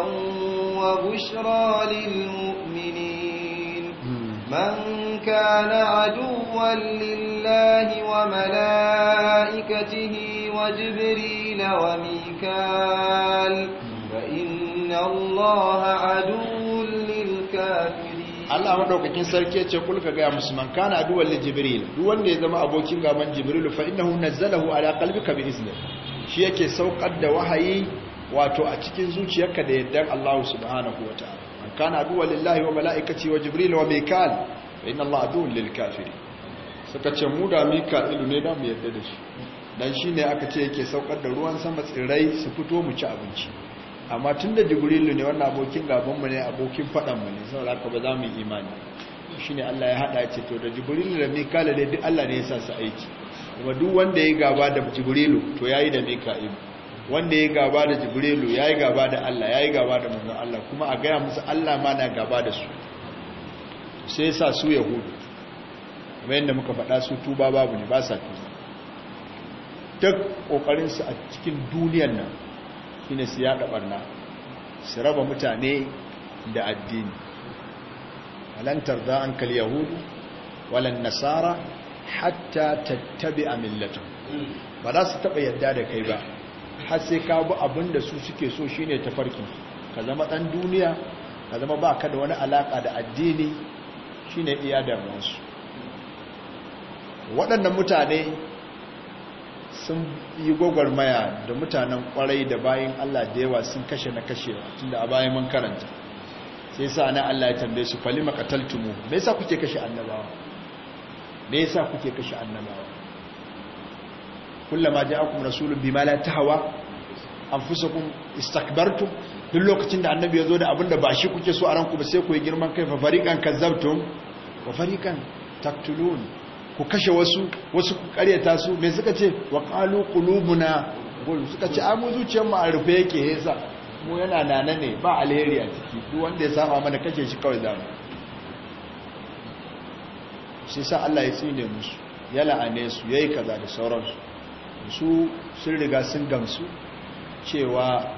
وبشرى للمؤمنين من كان عدوا لله وملائكته وجبريل وميكال فإن الله عدو للكافرين الله مدوكاكين سركي يتي يقول كغا مسلمان كان عدوا لجبريل duk wanda ya zama abokin gaban jibril fa innahu nazzalahu ala qalbika bi izni shi yake saukar da wahayi wato a cikin zuciyarka da yaddan Allah subhanahu wataala man kana aduwa lillahi wa malaikati wa jibril wa mikal fa inna Allah a'du lil kafirin suka ce mu da mikal ne da mu yadda da shi dan shi ne aka ce yake saukar da ruwan sama tsirrai su fito mu ci abinci amma tun da jibrilu ne wannan abokin gabanmu ne abokin faɗanmu ne saboda haka ba za mu yi imani shi ne allah ya haɗa ce to da jibrilu da mikala da duk allah ne ya sa su aiki kuma duk wanda ya gaba da jibrilu to ya yi da mika'ilu wanda ya gaba da jibrilu ya yi gaba da allah ya yi gaba da manzon allah kuma a gaya musu allah ma na gaba da su sai sa su yahudu kamar yadda muka faɗa su tuba babu ne ba sa tuba duk ƙoƙarinsu a cikin duniyar nan shi ne su ɓarna su raba mutane da addini alantar da an kal yahudu walan nasara hatta tattabi a millatun ba za su taɓa yadda da kai ba har sai ka bi abin da su suke so shi ne tafarkin ka zama ɗan duniya ka zama ba ka da wani alaƙa da addini shi ne iya damuwarsu waɗannan mutane sun yi gwagwarmaya da mutanen kwarai da bayan Allah da yawa sun kashe na kashewa tunda a bayan mun karanta sai sa na Allah ya tambaye su fali taltumu me yasa kuke kashe annabawa me yasa kuke kashe annabawa kullama ja'akum rasulun bima la tahwa anfusakum istakbartum duk lokacin da annabi ya zo da abinda ba shi kuke so a ranku ba sai ku yi girman kai fa fariqan kazzabtum wa fariqan taqtulun ku kashe wasu wasu ku karyata su me suka ce wa qalu qulubuna suka ce amu mu zuciyar mu a rufe yake yasa mu yana nana ne ba alheri a ciki duk wanda ya saba mana kashe shi kawai zamu sai sa Allah ya tsine musu ya la'ane su yayi kaza da sauransu su sun riga sun gamsu cewa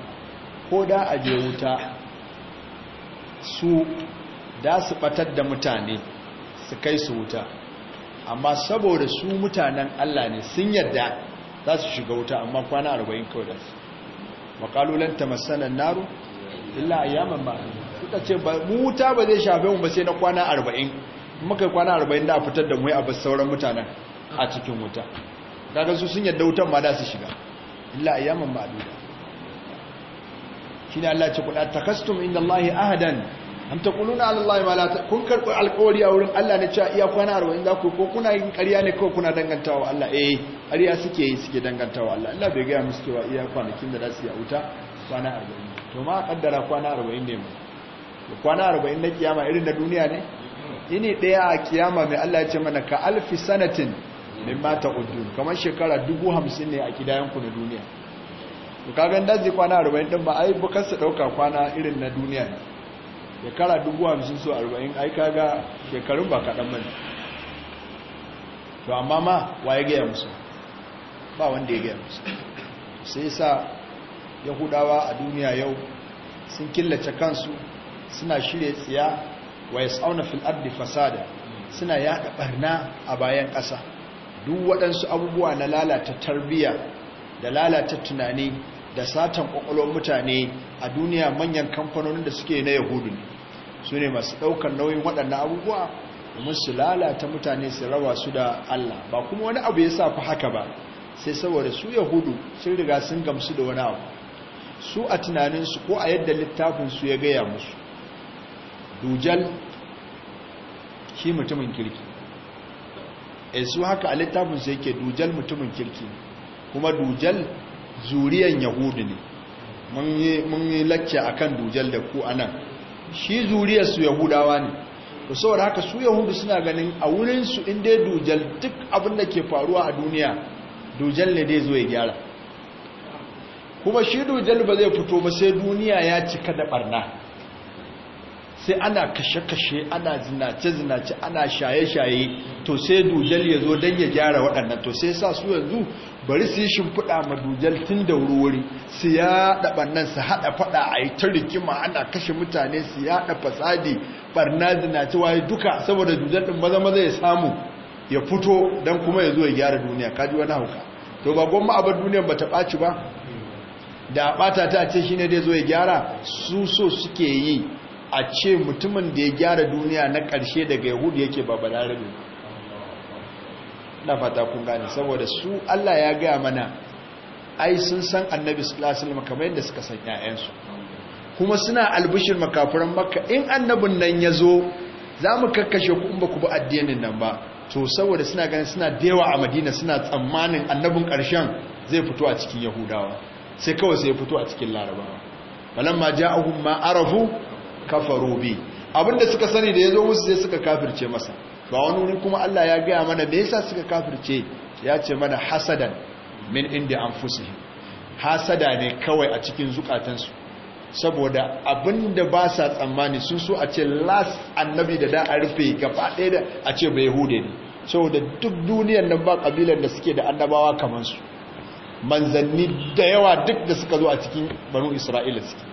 ko da a je wuta su da su batar da mutane su kai su wuta amma saboda su mutanen Allah ne sun yadda za su shiga wuta amma kwana arba'in kawai da su makalolin ta masanan naru illa yaman ba suka ce mu wuta ba zai shafe mu ba sai na kwana arba'in muka kwana arba'in da fitar da mu a bas sauran mutanen a cikin wuta kaga su sun yadda wutan ma da su shiga illa yaman ba duda shine Allah ce kula takastum inda Allah ahadan an ta kuluna alallahi ma la kun karɓi alkawari a wurin Allah na cewa iya kwana 40 za ku ko kuna yin ƙarya ne kawai kuna dangantawa Allah eh ƙarya suke yi suke dangantawa Allah Allah bai gaya musu cewa iya kwanakin da za su yi a wuta kwana ne to ma kaddara kwana arwa ne mu kwana arwa na kiyama irin na duniya ne ini daya a kiyama mai Allah ya ce mana ka alfi sanatin ta ta'udun kamar shekara 50 ne a kidayanku na duniya to kaga dan zai kwana arwa din ba ai bukar su dauka kwana irin na duniya ne shekara dubu hamsin su arba'in ai kaga shekarun ba kaɗan mani to amma ma wa ya gaya musu ba wanda ya gaya musu sai sa yahudawa a duniya yau sun killace kansu suna shirya tsiya wa ya tsauna fil'addi fasada suna yada barna a bayan ƙasa duk waɗansu abubuwa na lalata tarbiyya da lalata tunani da satan ƙwaƙwalwar mutane a duniya manyan kamfanonin da suke na yahudu ne su ne masu ɗaukar nauyin waɗannan abubuwa domin su lalata mutane su rawa su da Allah ba kuma wani abu ya sa fi haka ba sai saboda su yahudu sun riga sun gamsu da wani abu su a tunaninsu ko a yadda littafinsu ya gaya musu dujal shi mutumin kirki e su haka a littafinsu yake dujal mutumin kirki kuma dujal zuriyan yahudu ne mun yi a kan dujal da ku anan shi zuriyar su yahudawa ne to saboda haka su yahudu suna ganin a wurinsu in dai dujal duk abin da ke faruwa a duniya dujal ne dai zo ya gyara kuma shi dujal ba zai fito ba sai duniya ya cika da barna sai ana kashe-kashe ana zinace-zinace ana shaye-shaye to sai dujal ya zo don ya gyara waɗannan to sai sa su yanzu bari su yi shimfiɗa madujal tun da wuri su ya ɗaɓa nan su haɗa faɗa a yi ta rikima ana kashe mutane su yaɗa fasadi ɓarna zinaci waye duka saboda dujal ɗin maza maza ya samu ya fito don kuma ya zo ya gyara duniya kaji wani hauka to ba gwamma abin duniyar ba ta ɓaci ba da ɓata ta ce shi ne dai zo ya gyara su so suke yi a ce mutumin da ya gyara duniya na ƙarshe daga yahudu yake ba balarabe na fata kun gane saboda su Allah ya gaya mana ai sun san annabi sallallahu alaihi wasallam kamar yadda suka san su kuma suna albishir makafiran makka in annabin nan ya zo za mu kakkashe ku in ba ku bi addinin nan ba to saboda suna ganin suna dewa a madina suna tsammanin annabin ƙarshen zai fito a cikin yahudawa sai kawai sai ya fito a cikin larabawa ma ja'ahum ma arafu kafaru bi abinda suka sani da ya zo musu sai suka kafirce masa ba wani wuri kuma Allah ya gaya mana me yasa suka kafirce ya ce mana hasadan min inda an anfusihim hasada ne kawai a cikin zukatansu saboda abinda ba sa tsammani sun so a ce last annabi da da a rufe gaba ɗaya da a ce bai hude ne saboda duk duniyar nan ba kabilar da suke da annabawa kamar su manzanni da yawa duk da suka zo a cikin banu isra'ila suke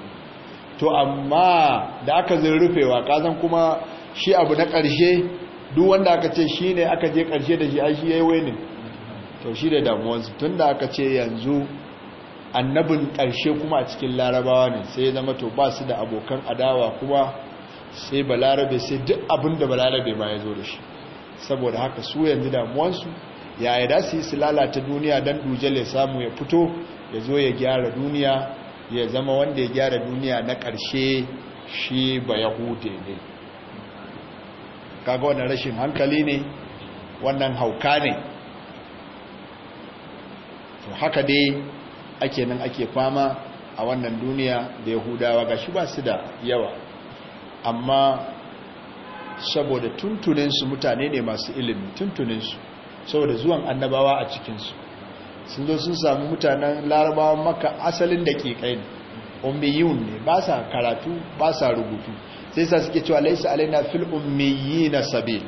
to amma da aka zai rufewa kazan kuma shi abu na ƙarshe duk wanda aka ce shi ne aka je ƙarshe da shi a shi ya yi wani to shi da damuwansu tun da aka ce yanzu annabin ƙarshe kuma a cikin larabawa ne sai ya zama to ba su da abokan adawa kuma sai ba larabe. sai duk abin da larabe ba ya zo da shi saboda haka su yanzu damuwansu yaya da su yi su lalata duniya don dujale samu ya fito ya zo ya gyara duniya ya zama wanda ya gyara duniya na ƙarshe shi ba yahude ne kaga wannan rashin hankali ne wannan hauka ne to haka dai ake nan ake fama a wannan duniya da yahudawa ga shi ba su da yawa amma saboda tuntuninsu mutane ne masu ilimi tuntuninsu saboda zuwan annabawa a cikinsu sun zo sun samu mutanen larabawan maka asalin da ke kai ne umbiyun ne ba sa karatu ba sa rubutu sai sa suke cewa laisa alaina fil ummiyina sabil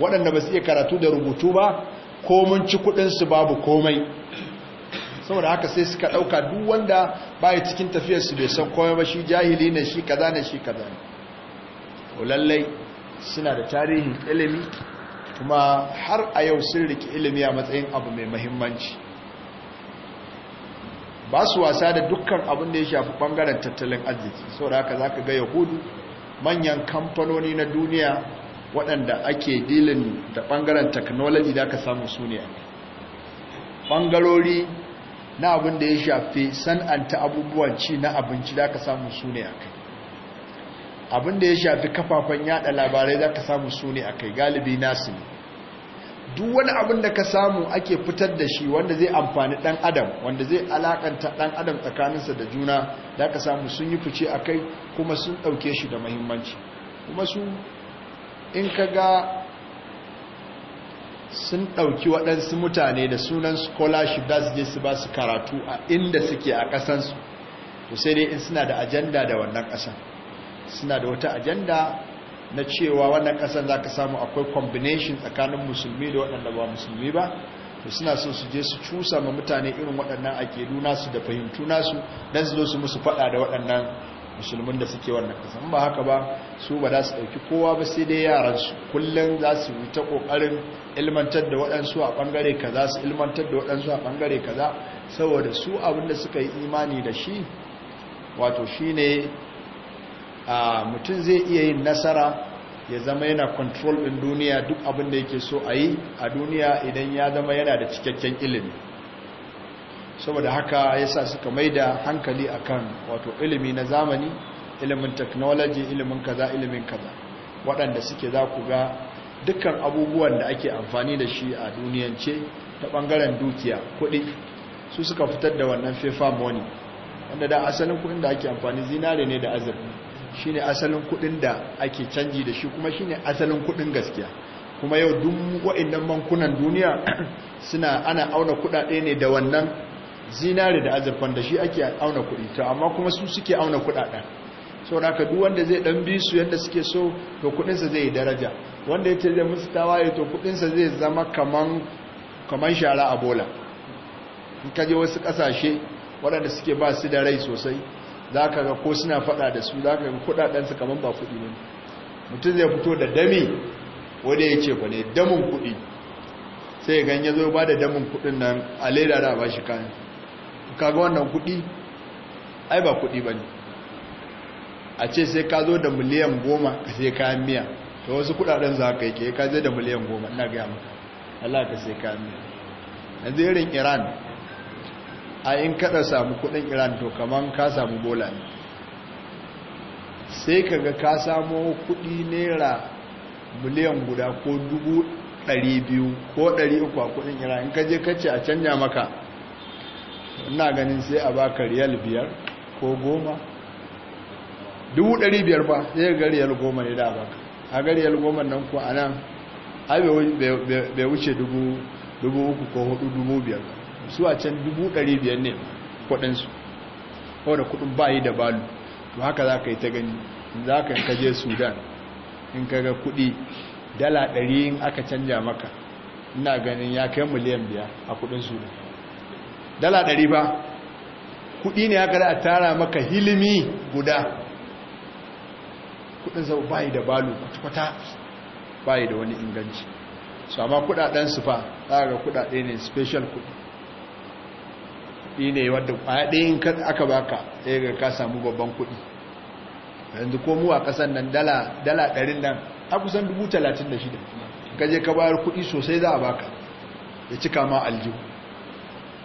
waɗanda ba su iya karatu da rubutu ba ko mun ci kuɗin su babu komai saboda haka sai suka ɗauka duk wanda ba ya cikin tafiyar su bai san komai ba shi jahili ne shi kaza ne shi kaza ne lallai suna da tarihin ilimi kuma har a yau sun rike ilimi a matsayin abu mai muhimmanci ba su wasa da dukkan abin da ya shafi bangaren tattalin arziki saboda haka za ka ga yahudu manyan kamfanoni na duniya waɗanda ake dilin da ɓangaren teknoloji da aka samu su ne ɓangarori na abin da ya shafi san'anta abubuwan ci na abinci da aka samu su ne a kai abin da ya shafi kafafen yada labarai za ka samu su ne a kai galibi nasu ne duk wani abin da ka samu ake fitar da shi wanda zai amfani dan adam wanda zai alakanta dan adam tsakaninsa da juna da ka samu sun yi fice a kai kuma sun ɗauke shi da mahimmanci kuma su in ka ga sun ɗauki waɗansu mutane da sunan scholarship da su je su ba su karatu a inda suke a ƙasansu to sai dai in suna da ajanda da wannan ƙasan suna da wata ajanda na cewa wannan kasar za ka samu akwai combination tsakanin musulmi da waɗanda ba musulmi ba to suna so su je su cusa ma mutane irin waɗannan aƙidu nasu da fahimtu nasu don su zo su musu faɗa da waɗannan musulmin da suke wannan kasar ba haka ba su ba za su ɗauki kowa ba sai dai yaransu kullum za su yi ta ƙoƙarin ilmantar da waɗansu a ɓangare kaza su ilmantar da waɗansu a ɓangare kaza saboda su abin da suka yi imani da shi wato shi ne. mutum zai iya yin nasara ya zama yana kontrol ɗin duniya duk abin da yake so a yi a duniya idan ya zama yana da cikakken ilimi saboda haka ya sa suka mai da hankali akan wato ilimi na zamani ilimin technology ilimin kaza ilimin kaza waɗanda suke za ku ga dukkan abubuwan da ake amfani da shi a duniyance ta ɓangaren dukiya kuɗi su suka fitar da wannan fefa money wanda da asalin kuɗin da ake amfani zinare ne da azurfi Shi ne asalin kudin da ake canji da shi kuma shi ne asalin kudin gaskiya kuma yau duk wa'inan bankunan duniya (clears throat) suna ana auna kudade ne da wannan zinari da azurfan da shi ake auna kudi to amma kuma su suke auna kudaden so haka duk wanda zai dan bi su yanda suke so to kudin sa zai daraja wanda yace zai musu tawaye to kudin zai zama kaman shara a bola in kaje wasu kasashe waɗanda suke ba su da rai sosai za ka ga ko suna fada da su za ka ga kudadensu kamar ba kudi ne mutum zai fito da dami wadda ya ce kwane damin kudi sai ya ganye zo ba da damin kudin nan a leda da ba shi kayan kaga wannan kudi ai ba kudi ba ne a ce sai ka zo da miliyan goma ka sai kayan miya ta wasu kudaden za ka yi ke ka zai da miliyan goma ina gaya maka Allah ka sai kayan miya yanzu irin iran a in kada samu kudin iran to kaman ka samu bola ne sai kaga ka samo kudi naira miliyan guda ko dubu ɗari biyu ko ɗari uku a kudin iran in ka je kace a canja maka ina ganin sai a baka riyal biyar ko goma dubu ɗari biyar ba sai ga riyal goma ne da baka a ga riyal goma nan ko a nan ai bai wuce dubu uku ko hudu dubu biyar ba su a can biyar ne kuɗinsu. wadda kuɗin bayi da balu to haka za ka yi ta gani za ka kaje sudan in ka ga kuɗi dala ɗari in aka canja maka ina ganin ya kai miliyan biya a kuɗin sudan dala ɗari ba kuɗi ne ya za a tara maka hilimi guda Kuɗin zau bayi da balu kwata-kwata bayi da wani inganci su amma kudaden su fa za ga kuɗaɗe ne special kuɗi. shi ne wadda kwaya ɗayin aka baka ɗaya ga ka samu babban kuɗi yanzu ko mu a ƙasar nan dala ɗarin nan a kusan dubu talatin da shida ka je ka bayar kuɗi sosai za a baka ya cika ma aljihu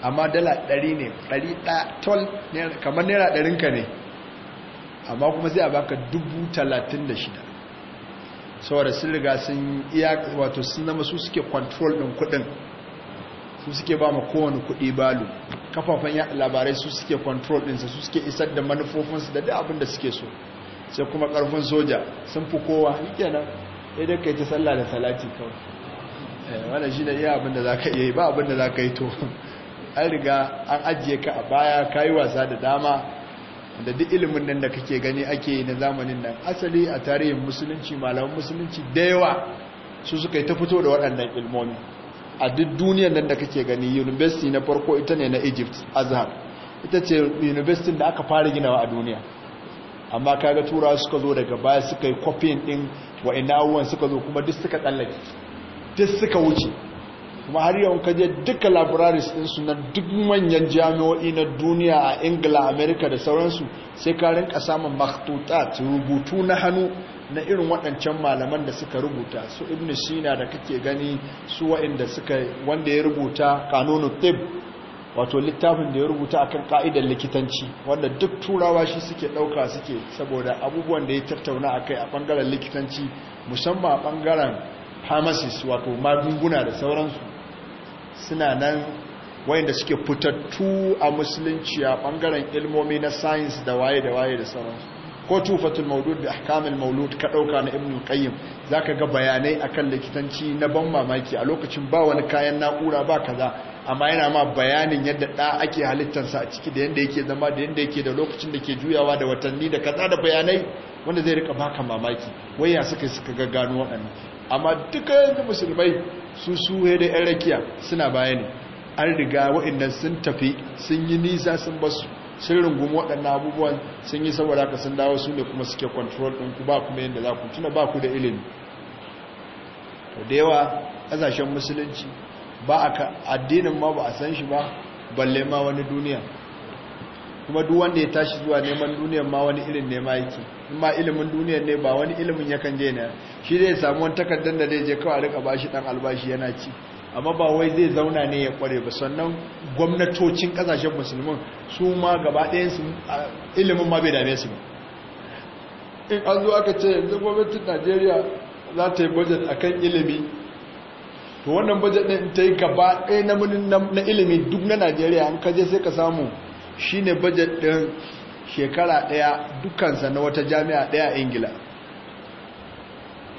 amma dala ɗari ne ɗari ɗatol kamar naira ɗarinka ne amma kuma sai a baka dubu talatin da shida saboda sun riga sun iya wato sun zama su suke control ɗin kuɗin su suke ba ma kowane kuɗi balu kafafen yaɗa labarai su suke control ɗinsa su suke isar da manufofinsu da duk abin da suke so sai kuma ƙarfin soja sun fi kowa kenan idan kai ta sallah da salati kawai eh, shi ne iya abin da ka yi ba abin da ka yi to (laughs) an riga an ajiye ka a baya ka yi wasa da dama da duk ilimin nan da kake gani ake yi na zamanin nan asali a tarihin musulunci malaman musulunci da yawa su suka yi ta fito da waɗannan ilmomi a duk duniyar nan da kake gani university na farko ita ne na egypt azhar ita ce university da aka fara ginawa a duniya amma kaga turawa suka zo daga baya suka yi kwafin din wa'ina abubuwan suka zo kuma duk suka tsallake duk suka wuce kuma har yau kaje duka din su na duk manyan jami'o'i na duniya a ingila amerika da sauransu sai ka rinka samun makhtutat rubutu na hannu na irin waɗancan malaman da suka rubuta su ibn sina da kake gani su waɗanda suka wanda ya rubuta kanunu tib wato littafin da ya rubuta akan ka'idar likitanci wanda duk turawa shi suke ɗauka suke saboda abubuwan da ya tattauna a kai a ɓangaren likitanci musamman a ɓangaren hamasis wato magunguna da sauransu suna nan wayanda suke fitattu a musulunci a ɓangaren ilmomi na science da waye da waye da sauransu ko tufatul maulud bi ahkamil maulud ka dauka na ibnu qayyim zaka ga bayanai akan likitanci na ban mamaki a lokacin ba wani kayan na'ura ba kaza amma yana ma bayanin yadda da ake sa a ciki da yanda yake zama da yanda yake da lokacin da ke juyawa da watanni da kaza da bayanai wanda zai rika baka mamaki wai ya suka suka ga gano waɗannan amma duka musulmai su su da yan rakiya suna bayani an riga waɗannan sun tafi sun yi nisa sun basu sun rungumi waɗannan abubuwan sun yi saboda ka sun dawo su ne kuma suke control ɗinku ba kuma yadda za ku tuna ba ku da ilimi to da yawa ƙasashen musulunci ba a addinin ma ba a san shi ba balle ma wani duniya kuma duk wanda ya tashi zuwa neman duniyar ma wani ne ma yake in ma ilimin duniyar ne ba wani ilimin yakan je ne shi zai samu wani takardar da zai je kawai rika bashi dan albashi yana ci amma ba wai zai zauna ne ya kware ba sannan gwamnatocin kasashen musulman su ma gaba ɗayansu ilimin ma bai dame su ba in an zo aka ce yanzu gwamnatin najeriya za ta yi budget a kan ilimi to wannan budget ɗin ta yi gaba ɗaya na ilimi duk na najeriya an kaje sai ka samu shi ne budget ɗin shekara ɗaya dukansa na wata jami'a ɗaya a ingila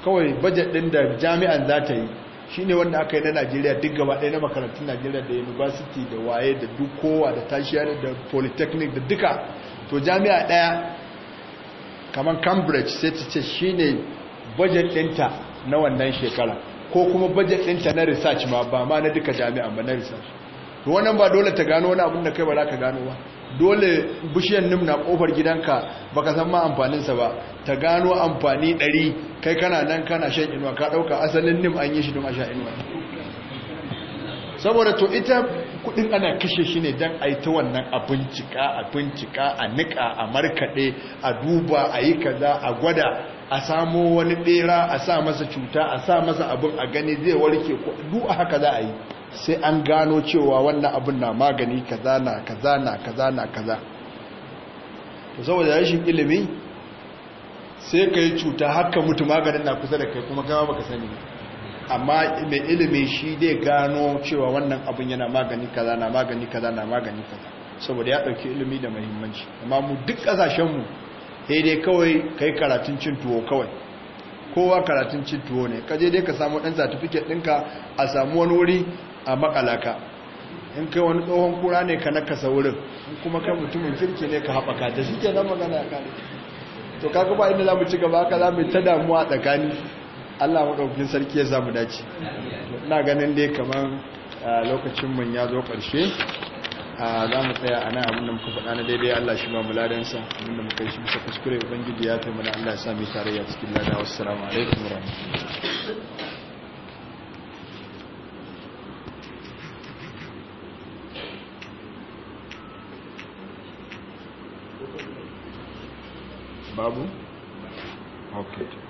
kawai budget ɗin da jami'an za ta yi Shi ne wanda aka yi na Najeriya duk gaba ɗaya na makarantun Najeriya da university da waye da duk kowa da tashiyar da polytechnic da duka to jami'a ɗaya kamar Cambridge sai ta ce shi ne budget ɗinta na wannan shekara ko kuma budget ɗinta na research ma ba ma na duka jami'a ba na research to wannan ba dole ta gano wani abin da kai ba za ka gano ba dole bishiyar nim na kofar gidanka baka san ma amfaninsa ba ta gano amfani ɗari kai kana nan kana shan inuwa ka ɗauka asalin nim an yi shi don a sha inuwa saboda to ita kudin ana kashe shi ne don a yi ta wannan a bincika a bincika a nika a markaɗe a duba a yi kaza a gwada a samo wani ɗera a sa masa cuta a sa masa abin a gani zai warke duk haka za a yi sai an gano cewa wannan abin na magani kaza na kaza na kaza na kaza to saboda rashin ilimi sai ka yi cuta haka mutu maganin na kusa da kai kuma kama baka sani amma mai ilimi shi dai gano cewa wannan abin yana magani kaza na magani kaza na magani kaza saboda ya ɗauki ilimi da mahimmanci amma mu duk ƙasashenmu sai dai kawai ka yi karatun cin tuwo kawai kowa karatun cin tuwo ne ka je dai ka samu ɗan certificate ɗinka a samu wani wuri a makalaka in kai wani tsohon kura ne ka nakasa wurin kuma kai mutumin kirki ne ka haɓaka ta shi ke nan magana ka ne to kaka ba inda za mu ci gaba haka za mu ta damuwa tsakani allah maɗaukin sarki ya zamu dace na ganin dai kamar lokacin mun ya zo ƙarshe za mu tsaya a nan da muka faɗa na daidai allah shi ba mu abin da muka yi shi bisa kuskure ubangiji ya taimana allah ya sami tarayya cikin lada wasu salamu alaikum warahmatullahi Babu? Ok.